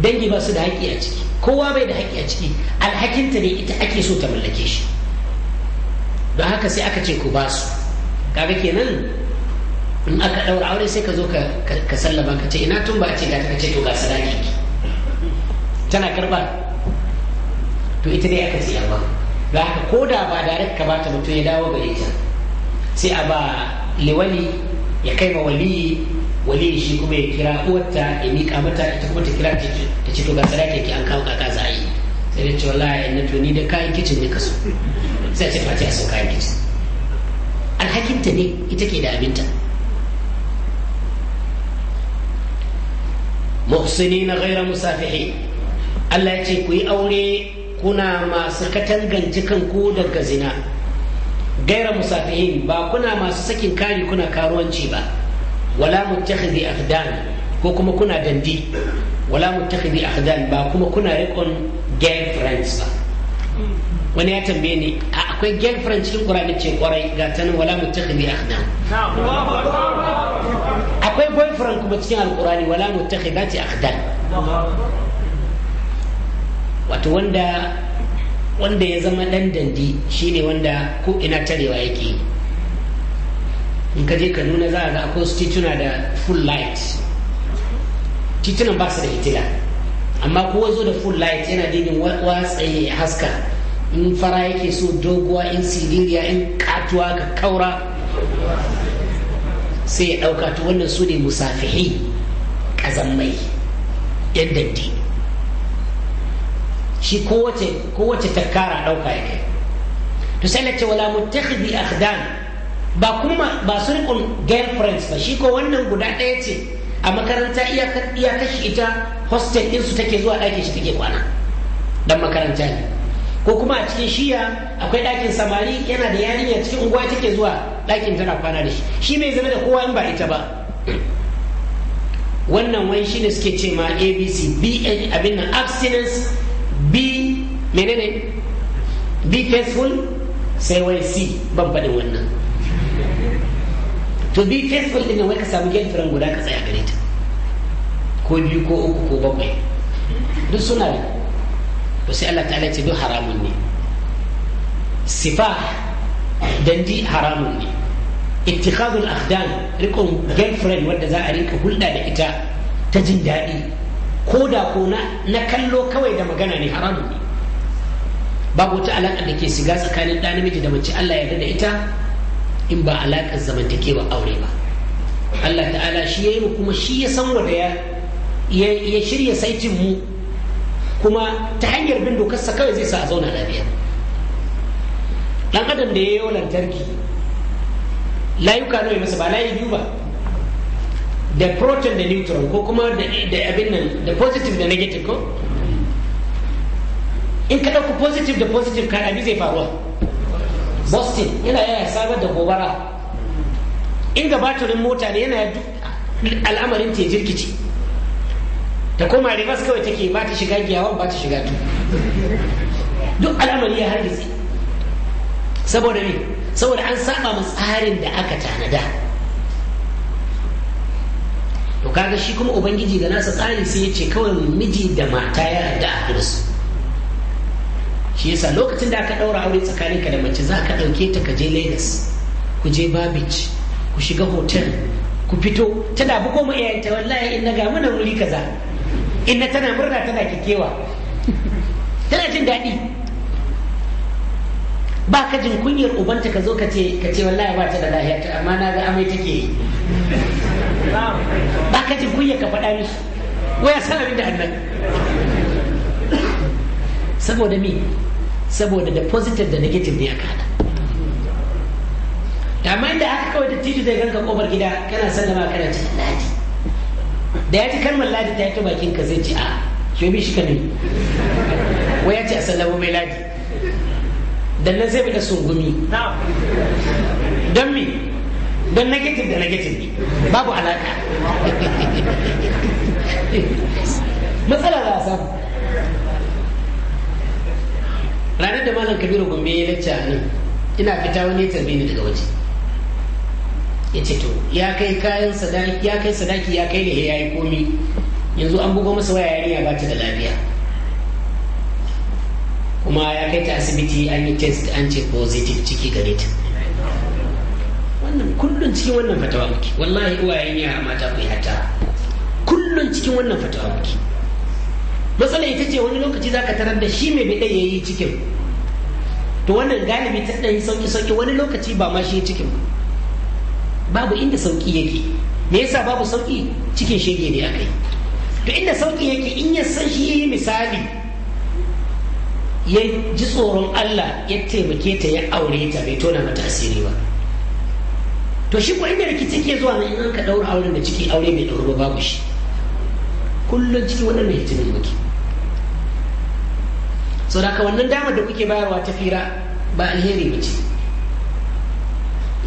dangi ba su da haƙƙi a ciki kowa bai da haƙƙi a ciki alhakinta ne ita ake so ta mallake shi don haka sai aka ce ku ba su kaga kenan in aka ɗaura aure sai ka zo ka sallama ka ce ina tun ba ce ga ta ce to ga sadaki tana karba to ita dai aka ce yawa don haka ko da ba direct ka bata mutum ya dawo gare ta sai a ba liwali ya kai ma waliyi wali shi kuma ya kira uwarta ya miƙa mata ita kuma ta kira ta ce to ga sadaka ke an kawo kaka za a yi sai da ce wallahi yan nato ni da kayan kicin ne kaso sai ce fati a sau kayan kicin alhakinta ne ita ke da abinta muhsini na gaira musafihi Allah ya ce ku yi aure kuna masu katangance kanku daga zina gaira musafihin ba kuna masu sakin kari kuna karuwanci ba wala muttakhidhi akhdan ko kuma kuna dandi wala muttakhidhi akhdan ba kuma kuna rikon girlfriends ba wani ya tambaye ni akwai girlfriend cikin Qur'ani ce kwarai ga ta nan wala muttakhidhi akhdan akwai boyfriend kuma cikin alqur'ani wala muttakhidati akhdan wato wanda wanda ya zama dan dandi shine wanda ko ina tarewa yake yi in ka je kaduna za a ga akwai tituna da full light titunan ba su da fitila amma kowa zo da full light yana dinin watsaye haska in fara yake so doguwa in siririya in katuwa ka kaura sai ya ɗauka ta wannan su ne musafihi ƙazammai yan dandi shi kowace takara ɗauka ya kai to sai na ce wala mutakhidhi akhdan ba kuma ba surkun girlfriends ba shi ko wannan guda ɗaya ce a makaranta iya kashi ita hostel ɗinsu take zuwa ɗakin shi take kwana dan makaranta ne ko kuma a cikin shiya akwai ɗakin samari yana da yarinya cikin unguwa take zuwa ɗakin tana kwana da shi shi mai zama da kowa in ba ita ba wannan wani shi ne suke ce ma abc b abin nan abstinence b menene B faithful sai wani c ban faɗin wannan to bi faithful din nan wai ka samu girlfriend guda ka tsaya gare ta ko biyu ko uku ko bakwai duk suna da ba sai Allah ta'ala ce duk haramun ne sifa dandi haramun ne ittikhadul akhdan rikon girlfriend wadda za a rinka hulɗa da ita ta jin daɗi ko da ko na kallo kawai da magana ne haramun ne babu wata alaƙa da ke shiga tsakanin ɗa namiji da mace Allah ya da ita in ba alaƙar zamantakewa aure ba Allah ta'ala shi ya yi mu kuma shi ya san wanda ya ya shirya saitin mu kuma ta hanyar bin dokarsa kawai zai sa a zauna lafiya dan adam da ya yi lantarki layuka nawa masa ba layi biyu ba da proton da neutron ko kuma da abin nan da positive da negative ko in ka ɗauki positive da positive abin zai faruwa boston yana yaya samar da gobara inda baturin mota ne yana al'amarin ta jirkici ta koma rivers kawai take ba ta shiga giyawan ba ta shiga duk al'amari ya hargitse saboda ne saboda an saba mu tsarin da aka tanada to kaga shi kuma ubangiji da nasa tsari sai ya ce kawai miji da mata ya da a su shi yasa lokacin da aka ɗaura aure tsakanin ka da mace za ka ɗauke ta ka je lagos ku je babich ku shiga hotel ku fito tana bugo mu ta wallahi in na ga mana wuri kaza in na tana murna tana kikewa tana jin daɗi ba ka jin kunyar ubanta ka zo ka ce ka ce wallahi ba ta da lahiya ta amma na ga amai take yi ba ka jin kunyar ka faɗa ni waya san abin da annan saboda me saboda da positive da negative ne aka hada da amma inda aka kawai da titi zai ganka kofar gida kana sallama kana ce ladi da ya ci kalmar ladi ta yi bakin ka zai ce a ke bi shi ka ne wai ya ce a sallama mai ladi dan nan zai bi da sungumi don mi don negative da negative ne babu alaka matsala za a samu ranar da malam kabiru gombe ya lacca nan ina fita wani ya tarbe ni daga waje ya ce to ya kai kayan sadaki ya kai sadaki ya kai da ya yi komi yanzu an bugo masa waya yarinya ba ta da lafiya kuma ya kai ta asibiti an yi test an ce positive ciki gare ta wannan kullum cikin wannan fatawa muke wallahi uwayen yara mata ku yi hata kullum cikin wannan fatawa muke matsala ita ce wani lokaci zaka tarar da shi mai bidai yayi cikin to wannan galibi ta dan sauki sauki wani lokaci ba ma shi cikin babu inda sauki yake me yasa babu sauki cikin shege ne akai to inda sauki yake in ya san shi yayi misali ya ji tsoron Allah ya taimake ta ya aure ta bai tona mata asiri ba to shi ko inda rikici ke zuwa nan in an ka daura auren da ciki aure mai dauro babu shi kullum ciki wannan ne hitimin muke so da wannan damar da kuke bayarwa ta fira ba alheri ba ce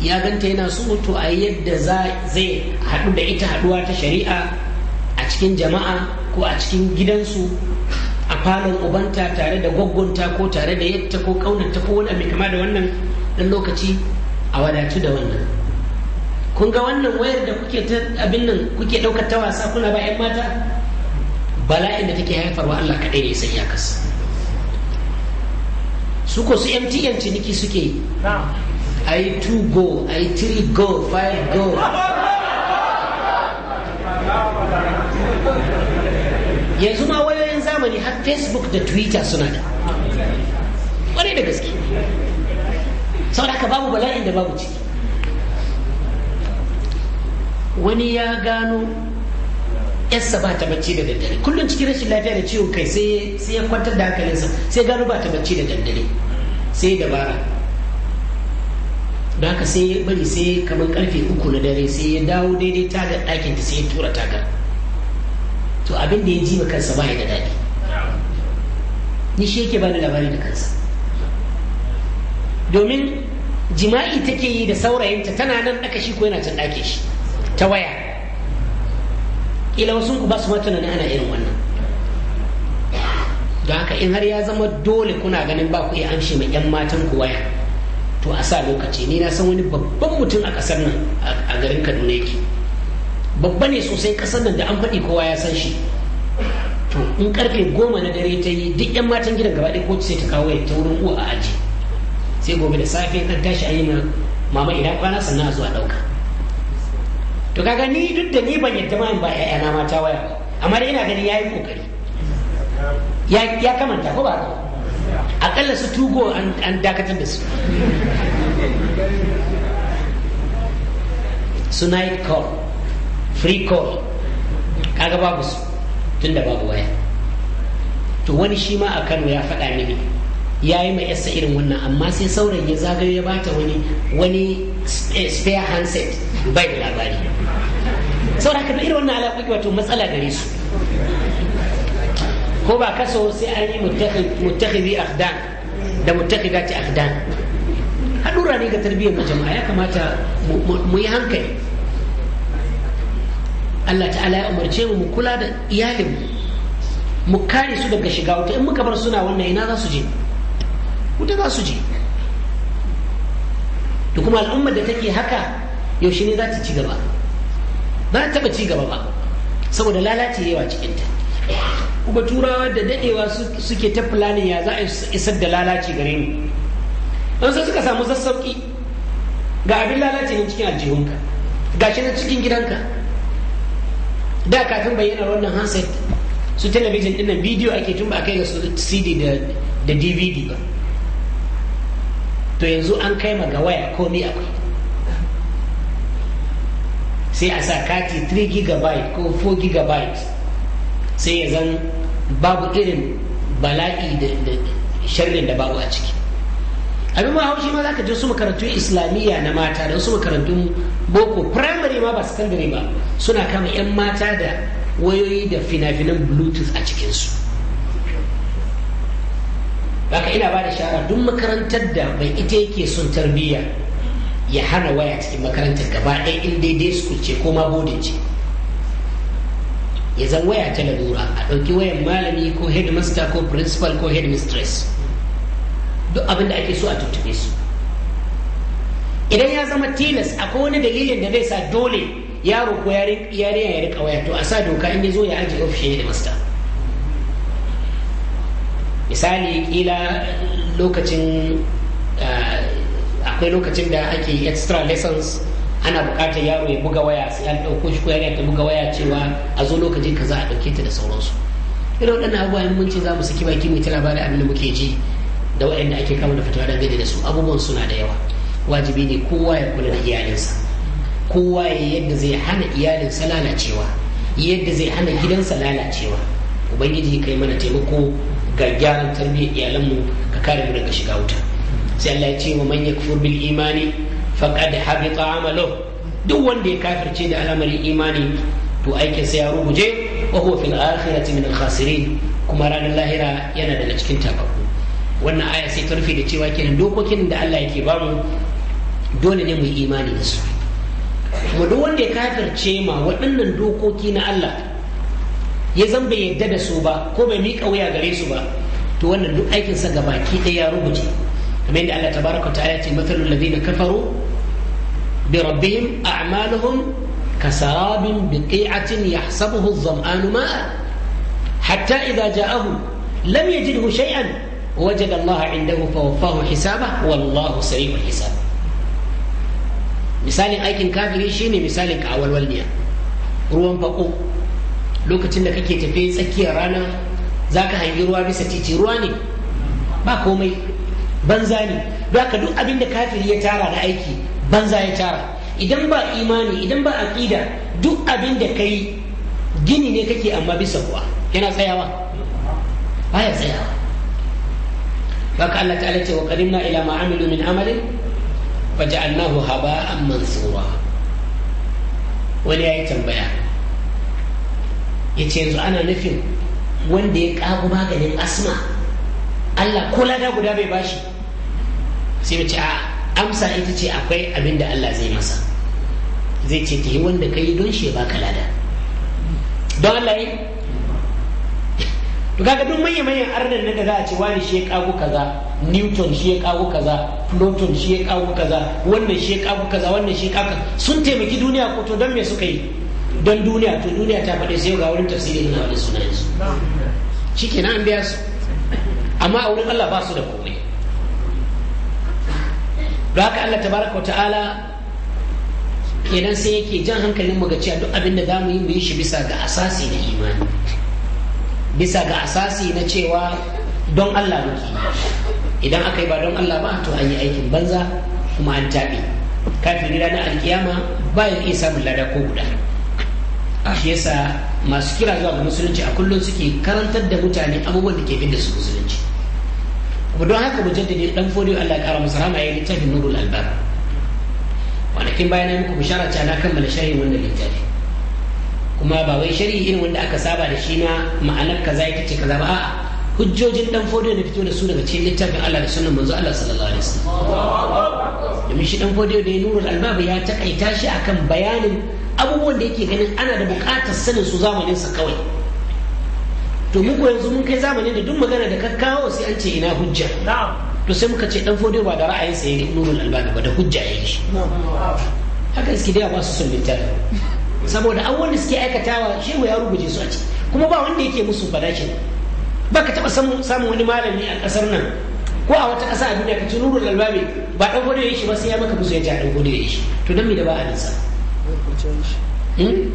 ya ganta yana so to a yadda zai haɗu da ita haɗuwa ta shari'a a cikin jama'a ko a cikin gidansu a falon ubanta tare da gwaggonta ko tare da yadda ko kaunanta ko wani kama da wannan ɗan lokaci a wadatu da wannan kun ga wannan wayar da kuke ta abin nan kuke ɗaukar ta wasa kuna ba 'yan mata bala'in da take haifarwa Allah kaɗai ne sai ya kasa su ko su mtn ciniki suke yi a yi 2 go a yi 3 go 5 go yanzu ma wayoyin zamani har facebook da twitter suna da ƙwarai da gaske sau da babu bala'in da babu ciki wani ya gano yarsa ba ta bacci da daddare kullum cikin rashin lafiya da ciwon kai sai sai ya kwantar da hankalinsa sai gano ba ta bacci da daddare sai dabara da haka sai ya bari sai kamar karfe uku na dare sai ya dawo daidai ta ɗakin ta sai ya tura takara to abin da ya ji kansa ba ya da daɗi ni shi yake bani labari da kansa domin jima'i take yi da saurayinta tana nan ɗaka shi ko yana can ɗake shi ta waya kila wasu ku ba su mata tunani ana irin wannan don haka in har ya zama dole kuna ganin ba ku iya amshi mai yan matan ku waya to a sa lokaci ni na san wani babban mutum a kasar nan a garin kaduna yake babba ne sosai kasar nan da an faɗi kowa ya san shi to in karfe goma na dare ta yi duk yan matan gidan gaba ɗaya ko sai ta kawo ta wurin uwa a aji sai gobe da safe kan tashi a yi mama idan kwana sannan a zuwa ɗauka to kaga ni duk da ni ban yadda ma in ba ƴaƴana mata waya ba amma dai ina ganin yayi kokari ya ya kamanta ko ba akalla su tugo an dakatar da su su night call free call kaga babu su tunda babu waya to wani shi ma a Kano ya faɗa mini ya yi ma yasa irin wannan amma sai saurayin ya zagayo ya bata wani wani spare handset bai da labari saboda haka irin wannan alaƙoƙi wato matsala gare su ko ba kaso sai an yi mutakhidi akhdan da mutakhidati akhdan hadura ne ga tarbiyyar mu jama'a ya kamata mu yi hankali Allah ta'ala ya umarce mu mu kula da iyalin mu kare su daga shiga wato in muka bar suna wannan ina za su je wuta za su je to kuma al'ummar da take haka yaushe ne za ta ci gaba ba ta taɓa ci gaba ba saboda lalace yawa cikinta kuma turawa da daɗewa suke ta fulani ya za a isar da lalace gare ni don sai suka samu sassauƙi ga abin lalace ne cikin aljihunka ga shi na cikin gidanka da kafin bayyana wannan handset su talabijin dinnan bidiyo ake tun ba a kai ga su cd da dvd ba to yanzu an kai ma ga waya komai akwai sai a sa kati 3 gigabyte ko 4 gigabyte sai ya zan babu irin bala'i da sharrin da babu a ciki abin ma haushi ma za ka je su makarantun islamiyya na mata da su makarantun boko primary ma ba secondary ba suna kama 'yan mata da wayoyi da fina-finan bluetooth a cikinsu Baka ina ba da shara duk makarantar da mai ita yake son tarbiyya ya hana waya cikin makarantar gaba ɗaya in daidai su ce ko ma ce ya zan waya ta lalura a ɗauki wayan malami ko headmaster ko principal ko headmistress duk abin da ake so a tuntube su idan ya zama tilas akwai wani dalilin da zai sa dole yaro ko yarinya ya rika waya to a sa doka in ya zo ya ajiye ofishin headmaster misali kila lokacin ah, akwai lokacin da ake extra lessons ana bukatar yaro ya buga waya sai an dauko shi ko yana ta buga waya cewa a zo lokacin kaza a ɗauke ta da sauransu irin waɗannan abubuwa in mun ce za mu saki baki mu ta labarin abin da muke ji da waɗanda ake kama da fatawa dangane da su abubuwan suna da yawa wajibi ne kowa ya kula da iyalinsa kowa ya yadda zai hana iyalinsa lalacewa yadda zai hana gidansa lalacewa ubangiji kai mana taimako ga gyaran tarbiyyar iyalanmu ka kare mu daga shiga wuta sai Allah ya ce wa man yakfur bil imani faqad habita amalu duk wanda ya kafirce da al'amarin imani to aikin sa ya ruguje wa huwa fil akhirati min al khasirin kuma ranar lahira yana daga cikin tabaku wannan aya sai ta rufe da cewa kenan dokokin da Allah yake bamu dole ne mu yi imani da su kuma duk wanda ya kafirce ma waɗannan dokoki na Allah ya zan bai yadda da su ba ko bai miƙa wuya gare su ba to wannan duk sa ga baki ɗaya ya rubuce kamar yadda Allah tabaraka ta'ala ce mathalul ladina kafaru bi rabbihim a'maluhum kasarabin biqi'atin yahsabuhu adh-dhama'anu ma'a hatta idha ja'ahu lam yajidhu shay'an wajada Allah 'indahu fawaffahu hisaba wallahu sari'ul hisab misalin aikin kafiri shine misalin ka awalwalniya ruwan bako lokacin da kake tafe tsakiyar rana za ka hangi ruwa bisa titi ruwa ne ba komai banza ne don ka duk abin da kafiri ya tara da aiki banza ya tara idan ba imani idan ba aƙida duk abin da kai gini ne kake amma bisa kuwa yana tsayawa ya tsayawa haka Allah ta'ala ce wa qadimna ila ma amilu min amalin faja'alnahu haba'an mansura wani ya yi tambaya ya ce yanzu ana nufin wanda ya ƙagu maganin asma allah ko lada guda bai bashi sai mace a amsa ita ce akwai abin da allah zai masa zai ce ta yi wanda ka yi don shi ya baka lada don allah yi to kaga duk manya manyan arnan na gaza za a ce wani shi ya kago kaza newton shi ya kago kaza pluton shi ya kago kaza wannan shi ya kago kaza wannan shi ya kaza. sun taimaki duniya ko to don me suka yi don duniya to duniya ta faɗi sai ga wurin tafsirin na wani sunayen su shi ke an biya su amma a wurin Allah ba su da komai da haka Allah ta baraka ta'ala kenan sai yake jan hankalin mu ga cewa duk abin da zamu yi mu yi shi bisa ga asasi na imani bisa ga asasi na cewa don Allah muke idan aka yi ba don Allah ba to an yi aikin banza kuma an taɓe kafin ranar alkiyama ba ya iya samun lada ko guda Ah. shi yasa masu kira zuwa ga musulunci a kullum suke karantar da mutane abubuwan da ke bin da su musulunci kuma don haka jaddade dan fodiyo Allah ya kara masa rahama ya littafin nurul albab kwanakin bayan na muku bishara ta na kammala sharhi wannan littafi kuma ba wai sharhi irin wanda aka saba da shi na ma'anar kaza yake ce kaza ba a'a hujjojin dan fodiyo da fito da su daga cikin littafin Allah da sunan manzo Allah sallallahu alaihi wasallam domin shi dan fodiyo da ya nurul albaba ya takaita shi akan bayanin abubuwan da yake ganin ana da bukatar sanin su zamanin sa kawai to mu yanzu mun kai zamanin da duk magana da kakkawo sai an ce ina hujja to sai muka ce dan fodiyo ba da ra'ayin sa yake nurul albaba ba da hujja yake shi haka iski da ba su sun littafi saboda abubuwan da suke aikatawa shehu ya rubuce su a ciki kuma ba wanda yake musu fadakin ba ka taɓa samun wani malami a kasar nan ko a wata ƙasa a duniya ka ci nurul albami ba dan gudu yake ba sai ya maka musu ya ta dan gudu yake to dan me da ba a nisa hmm?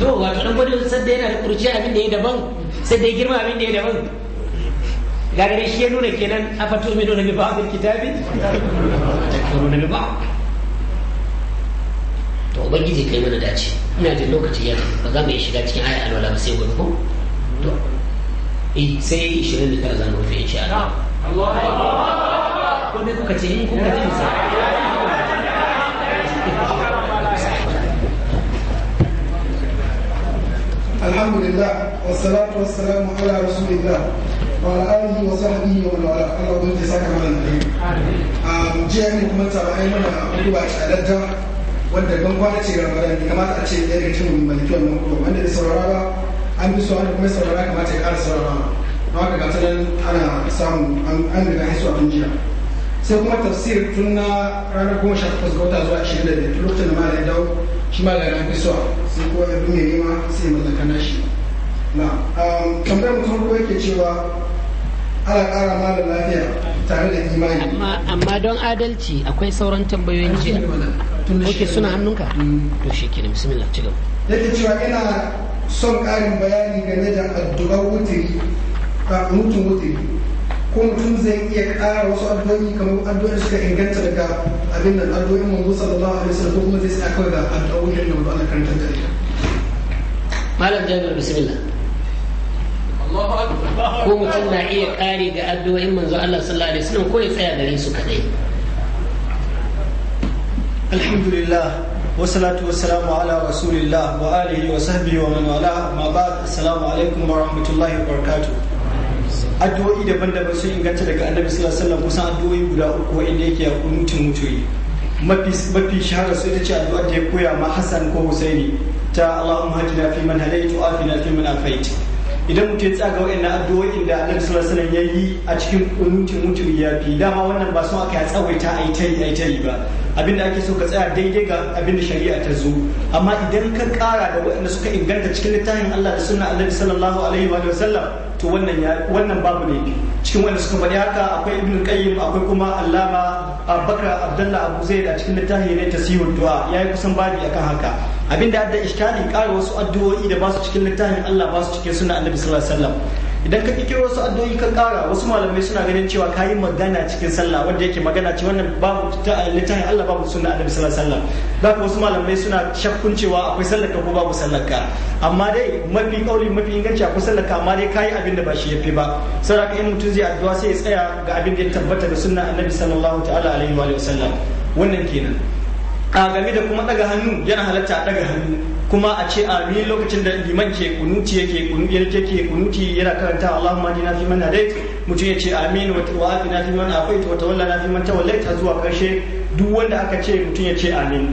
to wato ɗan gudu sai da yana da kurciya abin da ya daban sai da ya girma abin da ya daban gagare shi ya nuna kenan a fato mai na bi a alkitabi takfuruna bi ba'd to ubangiji kai mana dace ina jin lokaci ya ba za mu iya shiga cikin ayat alwala ba sai gobe ko to Eh, sai 29 za mu rufe insha Allah ko dai kuka ce in kuka ce sa alhamdulillah wassalatu wassalamu ala rasulillah wa ala alihi wa sahbihi wa man wala Allah ubangiji saka mana da ah, jiya ne kuma ta bayan mana hutuba ta dadda wanda ban kwana ce ga Ramadan ne kamata a ce ɗaya ga cikin mulki wannan wanda da saurara ba an bi so wanda kuma saurara kamata ya ƙara saurara na haka gata nan ana samu an riga haisu tun jiya sai kuma tafsir tun na ranar goma sha takwas ga wata zuwa ashirin da biyar lokacin da malam ya dawo shi malam ya fi so sai kuma ya bi mai nema sai ya mallaka na shi na tambayar mutum ko yake cewa ana ƙara malam lafiya tare da imani amma don adalci akwai sauran tambayoyin jiya ok suna hannunka mm. to shi kenan bismillah ci gaba yake cewa ina son ƙarin bayani game da addu'ar wutiri a mutum wutiri kuma mutum zai iya ƙara wasu addu'o'i kamar addu'ar suka inganta daga abin da addu'o'in manzo sallallahu alaihi wasallam ko kuma zai tsaya kawai ga addu'o'in da manzo Allah karanta da ita malam jabir bismillah ko mutum na iya ƙari ga addu'o'in manzo Allah sallallahu alaihi wasallam ko ya tsaya gare su kadai alhamdulillah wasalatu wasalamu ala rasulillah wa alihi wa sahbihi wa man wala ma ba assalamu alaikum wa rahmatullahi wa barakatuh addu'o'i daban-daban sun inganta daga annabi sallallahu alaihi wasallam kusan addu'o'i guda uku inda yake ya kunutin mutuyi mafi mafi shahara su ita ce addu'a da ya koya ma Hassan ko Husaini ta Allahumma hadina fi man hadaytu afina fi man afait idan mutum ya tsaga wa'annan addu'o'in da annabi sallallahu alaihi wasallam ya yi a cikin kunutin mutuyi ya fi dama wannan ba su aka ya tsawaita ai tai ai tai ba abin da ake so ka tsaya daidai ga abin da shari'a ta zo amma idan ka kara da waɗanda suka inganta cikin littafin Allah da sunna Allah sallallahu alaihi wa sallam to wannan wannan babu ne cikin wanda suka faɗi haka akwai Ibn Qayyim akwai kuma Allama Abubakar Abdullah Abu Zaid a cikin littafin ne tasihul du'a yayi kusan babu akan haka abin da da iskali kara wasu addu'o'i da ba su cikin littafin Allah ba su cikin sunna Annabi sallallahu alaihi wa sallam idan ka kikiro wasu addu'o'i ka kara wasu malamai suna ganin cewa ka yi magana cikin sallah wanda yake magana ce wannan babu littafin Allah babu sunna annabi sallallahu alaihi wasallam da wasu malamai suna shakkun cewa akwai sallar ko babu sallar ka amma dai mafi kauli mafi inganci akwai sallar ka amma dai kai abin da ba shi yafi ba saboda in mutum zai addu'a sai ya tsaya ga abin da ya tabbata da sunna annabi sallallahu ta'ala alaihi wa sallam wannan kenan a game da kuma daga hannu yana halatta a daga hannu kuma a ce amin lokacin da liman ke kunuti yake kunuti yake ke kunuti yana karanta Allahumma inna fi man hadait mutum ya ce amin wa inna fi man afait wa na fi man tawallait zuwa karshe duk wanda aka ce mutum ya ce amin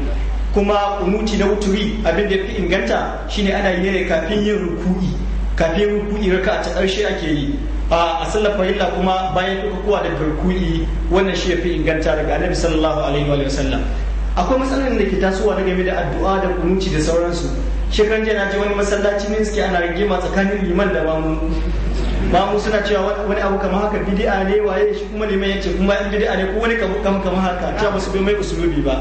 kuma kunuti na wuturi abin da ya fi inganta shine ana yi ne kafin yin ruku'i kafin ruku'i raka ta karshe ake yi a sallar illa kuma bayan kuka kuwa da ruku'i wannan shi ya inganta daga annabi sallallahu alaihi wa sallam akwai matsalolin da ke tasowa na game da addu'a da kununci da sauransu shekaran jiya na ji wani masallaci ne suke ana ma tsakanin liman da mamu mamu suna cewa wani abu kamar haka bid'a ne waye shi kuma liman yace kuma in bid'a ne ko wani kamar kamar haka cewa ba su bai mai usulubi ba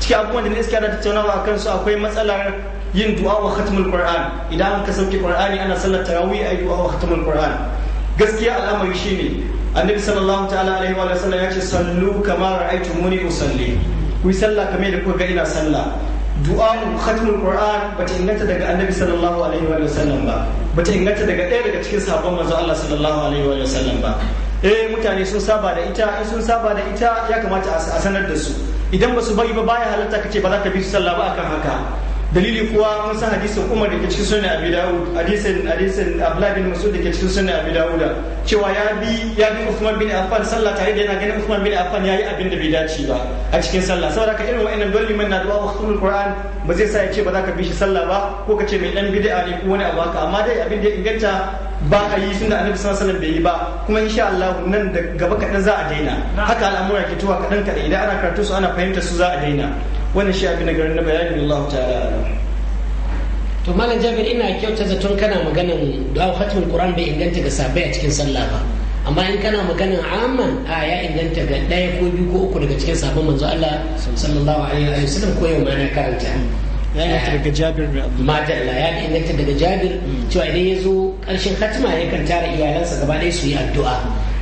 cikin abubuwan da ne suke ana tattaunawa akan su akwai matsalar yin du'a wa khatmul qur'an idan ka sauke qur'ani ana sallar tarawih ayi du'a wa khatmul qur'an gaskiya al'amari shine annabi sallallahu ta'ala alaihi wa sallam ya ce sallu kama ra'aytumuni usalli Kuyi sallah kamar da kuka ga ina sallah mu khatmul qur'an bata inganta daga annabi sallallahu alaihi wa sallam ba bata inganta daga ɗaya daga cikin sabon manzo Allah sallallahu alaihi wa sallam ba eh mutane sun saba da ita in sun saba da ita ya kamata a sanar da su idan ba su bari ba baya halatta kace ba za ka bi su sallah ba akan haka dalili kuwa mun san hadisin Umar da ke cikin sunan Abi Dawud hadisin hadisin Abdullah bin Mas'ud da ke cikin sunan Abi Dawud cewa ya bi ya bi bin Affan sallah tare da yana ganin usman bin Affan yayi abin da bai dace ba a cikin sallah saboda ka irin wa'annan dole man na da wa waqtul Qur'an ba zai sa ya ce ba za ka bi shi sallah ba ko ka ce mai dan bid'a ne ko wani abu haka amma dai abin da ya inganta ba a yi tunda Annabi sallallahu alaihi bai yi ba kuma insha Allah nan da gaba kadan za a daina haka al'amura ke tuwa kadan kadan idan ana karatu su ana fahimta su za a daina wannan shi abin garin na bayanin Allah ta'ala to malam jabir ina kyauta zaton kana maganan du'a khatmul qur'an bai inganta ga sabai a cikin sallah ba amma in kana maganan amman a ya inganta ga daya ko biyu ko uku daga cikin sabon manzo Allah sallallahu alaihi wa sallam ko yau ma na karanta ya inganta daga jabir da mata Allah ya inganta daga jabir cewa idan ya zo karshen khatma ya kan tara iyalansa gaba ɗaya su yi addu'a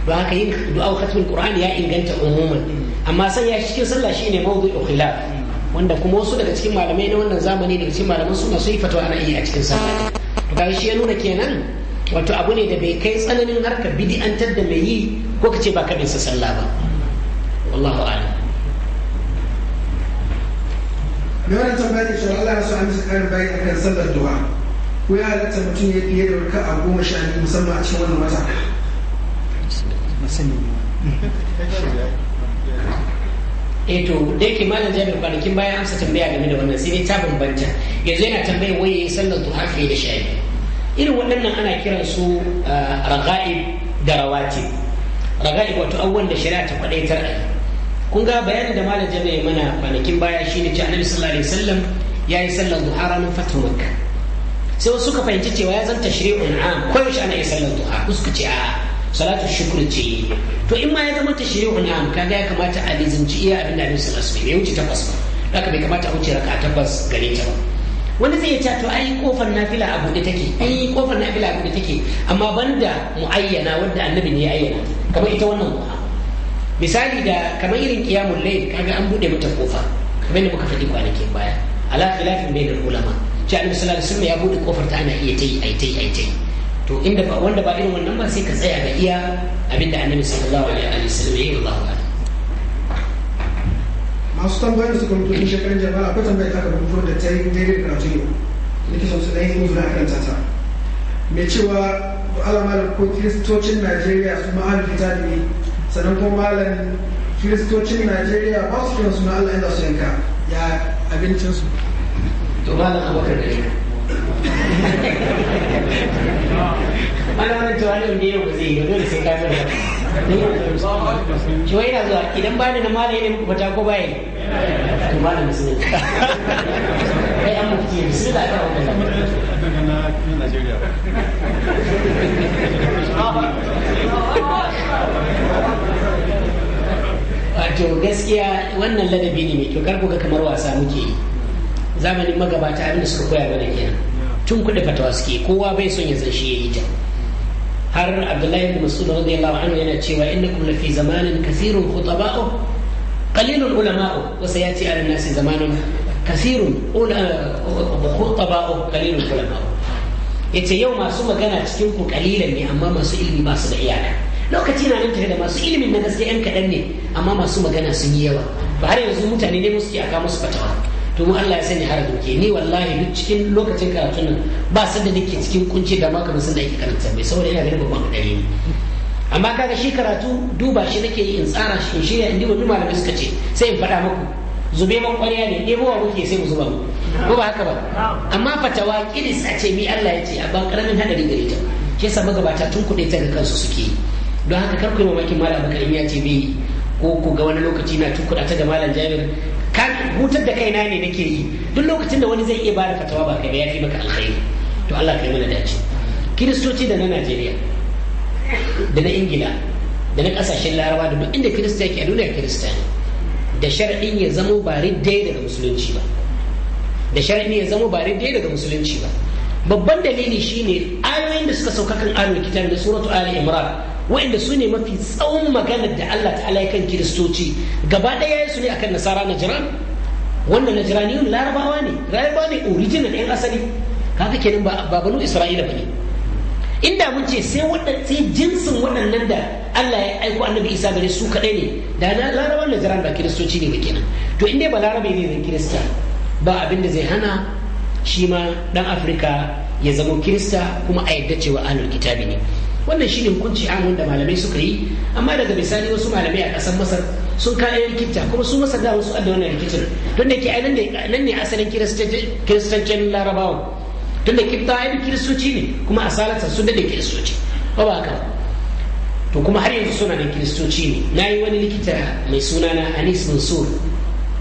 don haka yin du'a khatmul qur'an ya inganta umuman amma san ya cikin sallah shine mawdu'u khilaf wanda kuma wasu daga cikin malamai na wannan zamani daga cikin malaman suna sun yi fatawa ana iya a cikin sallah to ga shi ya nuna kenan wato abu ne da bai kai tsananin harkar bid'antar da mai yi ko kace ba kabin sa sallah ba wallahu a'lam da ne tambayar shi Allah ya so an misa bai a kan sallar du'a ko ya halatta mutum ya fiye da raka a goma sha biyu musamman a cikin wannan wata eh to da yake malam jabir kwanakin bayan amsa tambaya game da wannan sai dai ta bambanta yanzu yana tambayar waye sallar duha fiye da shayi irin waɗannan ana kiran su ah, raga'ib da rawati raga'ib wato abubuwan da shari'a ta kwadaitar a kun ga bayanin da malam jabir ya mana kwanakin baya shine ce annabi sallallahu alaihi wasallam ya yi sallar duha ranar fatan makka sai wasu suka fahimci cewa ya zanta shari'un am koyaushe ana yi sallar duha suka ce a'a salatu shukr ce to in ma ya zama tashri'u na'am kaga ya kamata a lizinci iya abin da Annabi sallallahu alaihi ya wuce takwas ba haka bai kamata a wuce raka takwas gare ta ba wani zai ce to ai kofar nafila a buɗe take ai kofar nafila a buɗe take amma banda muayyana wanda annabi ne ya ayyana kamar ita wannan kuwa misali da kamar irin qiyamul layl kaga an buɗe mata kofa kamar da muka faɗi kwanakin baya ala khilafin bainal ulama ce annabi sallallahu alaihi wasallam ya buɗe kofar ta ana iya tai ai tai ai tai to inda ba wanda ba irin wannan ba sai ka tsaya ga iya abinda annabi sallallahu alaihi wa sallam ya yi Allahu a'lam masu tambayar su kuma tutun shekarun jama'a akwai tambayar ta kamar kuma da ta yi daidai da karatu ke likitan su dai yi zuwa kan tata mai cewa alamalar ko kiristocin najeriya su ma'ar fita ne sannan kuma malam kiristocin najeriya ba su kiran suna allah inda su yanka ya abincinsu to malam abokan da ana wannan cewa da zai yi dole sai zuwa idan ba da fata ko to ba da kai an mafi wato gaskiya wannan ladabi ne mai kyau kar ga kamar wasa muke yi zamanin magabata abin da suka koya mana kenan tun kuɗi fatawa suke kowa bai son ya san shi ya yi ta har abdullahi ibn mas'ud radiyallahu anhu yana cewa innakum na fi zamanin kathirun khutaba'u qalilul ulama'u wasa yace ala nasi zamanun kathirun khutaba'u qalilul ulama'u yace yau masu magana cikin ku kalilan ne amma masu ilimi ba su da iyaka lokaci na nan tafe da masu ilimin na gaske yan kaɗan ne amma masu magana sun yi yawa ba har yanzu mutane ne musu ke aka musu fatawa to mu Allah ya sani har ke ni wallahi duk cikin lokacin karatu nan ba san da nake cikin kunci da ma kamar sun da yake karanta mai saboda ina ganin babban hadari ne amma kaga shi karatu duba shi nake yi in tsara shi shirya in diba duk malamai suka ce sai in faɗa muku zube man kwariya ne ɗebo wa muke sai mu zuba mu ko ba haka ba amma fatawa kiris a ce mi Allah ya ce a ba karamin hadari gare ta shi yasa magabata tun kuɗe ta ga kansu suke yi don haka kar ku yi mamakin malam bakar ya ce bai ko ku ga wani lokaci na tukuɗa ta ga malam jami'ar. hutar da kaina ne nake yi duk lokacin da wani zai iya bada fatawa ba kai ba ya fi maka alkhairi to Allah kai mana dace kiristoci da na Najeriya da na Ingila da na kasashen Laraba da duk inda kirista yake a duniya kirista ne da shar'in ya zama ba riddai daga musulunci ba da shar'in ya zamo ba riddai daga musulunci ba babban dalili shine ayoyin da suka sauka kan ayoyin kitab da suratu ali imran waɗanda su ne mafi tsawon maganar da Allah ta'ala ya kan kiristoci gaba ɗaya su ne akan nasara na jiran Wannan na yun larabawa ne larabawa ne original ɗin asali kaga kenan ba babanu isra'ila ba ne inda mun ce sai sai jinsin waɗannan da Allah ya aiko annabi isa gare su kaɗai ne da na larabawan na jiran ba kiristoci ne ba kenan to in dai ba larabe ne zan kirista ba abin da zai hana shi ma ɗan afirka ya zama kirista kuma a yadda cewa ahlul kitabi ne wannan shine hukunci amun da malamai suka yi amma daga bisani wasu malamai a ƙasar masar sun kayan rikita kuma su masar da wasu adda wannan rikicin don da ke ai nan ne asalin kiristancin larabawa tun da kirta ai kiristoci ne kuma salatar sun daɗe kiristoci ba ba ka to kuma har yanzu suna da kiristoci ne na yi wani likita mai suna na anis mansur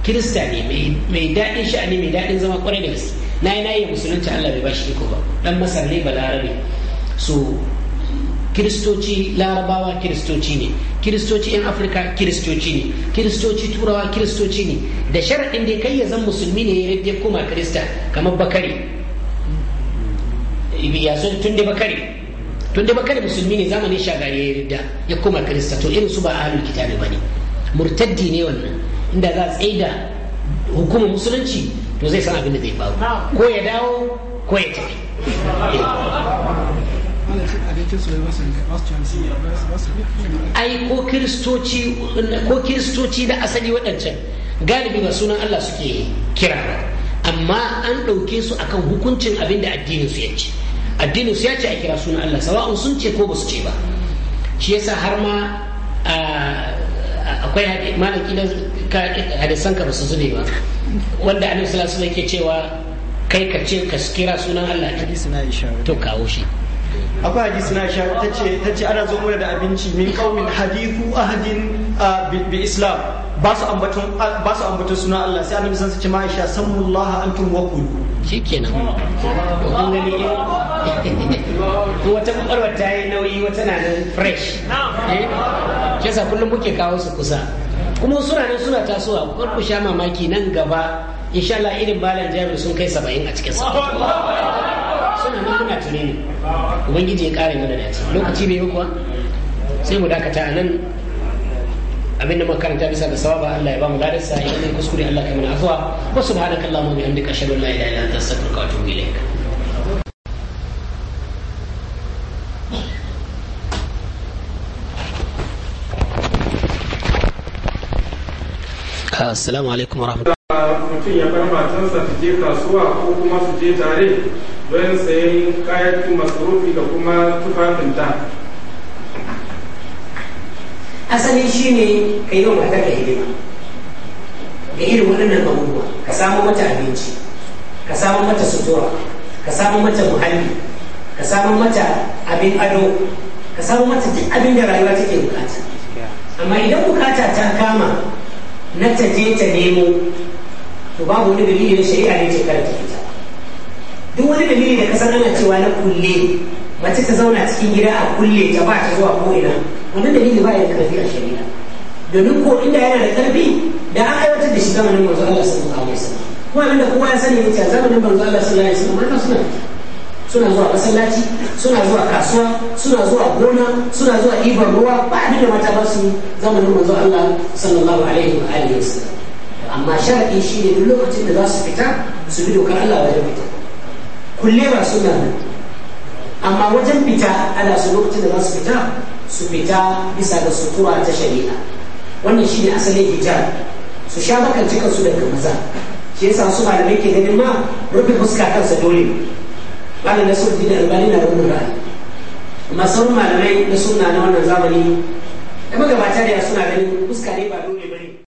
kirista ne mai daɗin sha'ani mai daɗin zama kwarai da gaske na yi na yi musulunci allah bai ba shi iko ba ɗan masar ne balarabe so kiristoci larabawa kiristoci ne kiristoci 'yan afirka kiristoci ne kiristoci turawa kiristoci ne da sharaɗin da kai ya zan musulmi ne ya rage kuma kirista kamar bakare ya so tun da bakare tun da bakare musulmi ne zamanin shagari ya rida ya kuma kirista to irin su ba ahlul kitabi bane murtaddi ne wannan inda za a tsaida hukumar musulunci to zai san abin da zai faru ko ya dawo ko ya tafi eh. ai ko kiristoci ko na asali waɗancan galibi ba sunan Allah suke kira ba amma an ɗauke su akan hukuncin abin da addinin su ya ce addinin su ya ce a kira sunan Allah sawa'un sun ce ko ba su ce ba shi yasa har ma akwai malam kidan hadisan ka ba su zube ba wanda annabi sallallahu alaihi wasallam yake cewa kai ka ce ka kira sunan Allah to kawo shi akwai hadisi na sha ta ce ana zo mana da abinci min qaumin hadithu ahadin ah, bi islam ba su ambaton ah, suna Allah sai annabi sun ce ma'aisha sallallahu antum wa kulu shikenan kun gani wata kokarwa ta yi nauyi wata na nan fresh ke eh? sa kullum muke kawo su kusa kuma suna nan suna tasowa kar ku sha mamaki nan gaba insha Allah irin balan jami'in sun kai 70 a cikin sa suna nan muna tare ne ubangiji ya kare mana dace lokaci bai yi kuwa sai mu dakata a nan abin da makaranta bisa ga sawaba Allah ya ba mu ladarsa idan mun kuskure Allah kai mana afwa wa subhanakallahumma wa bihamdika ashhadu an la ilaha illa anta astaghfiruka wa atubu ilaik Assalamu alaikum warahmatullahi mutum ya bar matarsa su je kasuwa ko kuma su je tare don sayan kayakin masarufi da kuma tufafinta asali shi ne ka yi wa matar ka hidima da irin waɗannan abubuwa ka samu mata abinci ka samu mata sutura ka samu mata muhalli ka samu mata abin ado ka samu mata duk abin da rayuwa take bukata amma idan bukata ta kama na ta je ta nemo to babu wani dalilin shari'a ne ce ta fita duk wani dalili da ka san ana cewa na kulle mace ta zauna cikin gida a kulle ta ba ta zuwa ko'ina wannan dalili ba ya da karfi a shari'a domin ko inda yana da karfi da an aiwatar da shi zamanin manzo Allah sallallahu alaihi wasallam kuma nan da kowa ya sani ne cewa zamanin manzo Allah sallallahu alaihi wasallam mata suna suna zuwa masallaci suna zuwa kasuwa suna zuwa gona suna zuwa ibar ruwa ba abin da mata ba su zamanin manzo Allah sallallahu alaihi wa wasallam amma sharadi shi ne duk lokacin da za su fita su bi dokar Allah wajen fita kulle ba suna nan amma wajen fita ana su lokacin da za su fita su fita bisa da sutura ta shari'a wannan shine asalin hijab su sha makanci kansu daga maza shi yasa su malamai ke ganin ma rufe fuska kansa dole da nasiruddin albani na rubuta rai amma sauran malamai na suna na wannan zamani da magabata da suna ganin fuska ne ba dole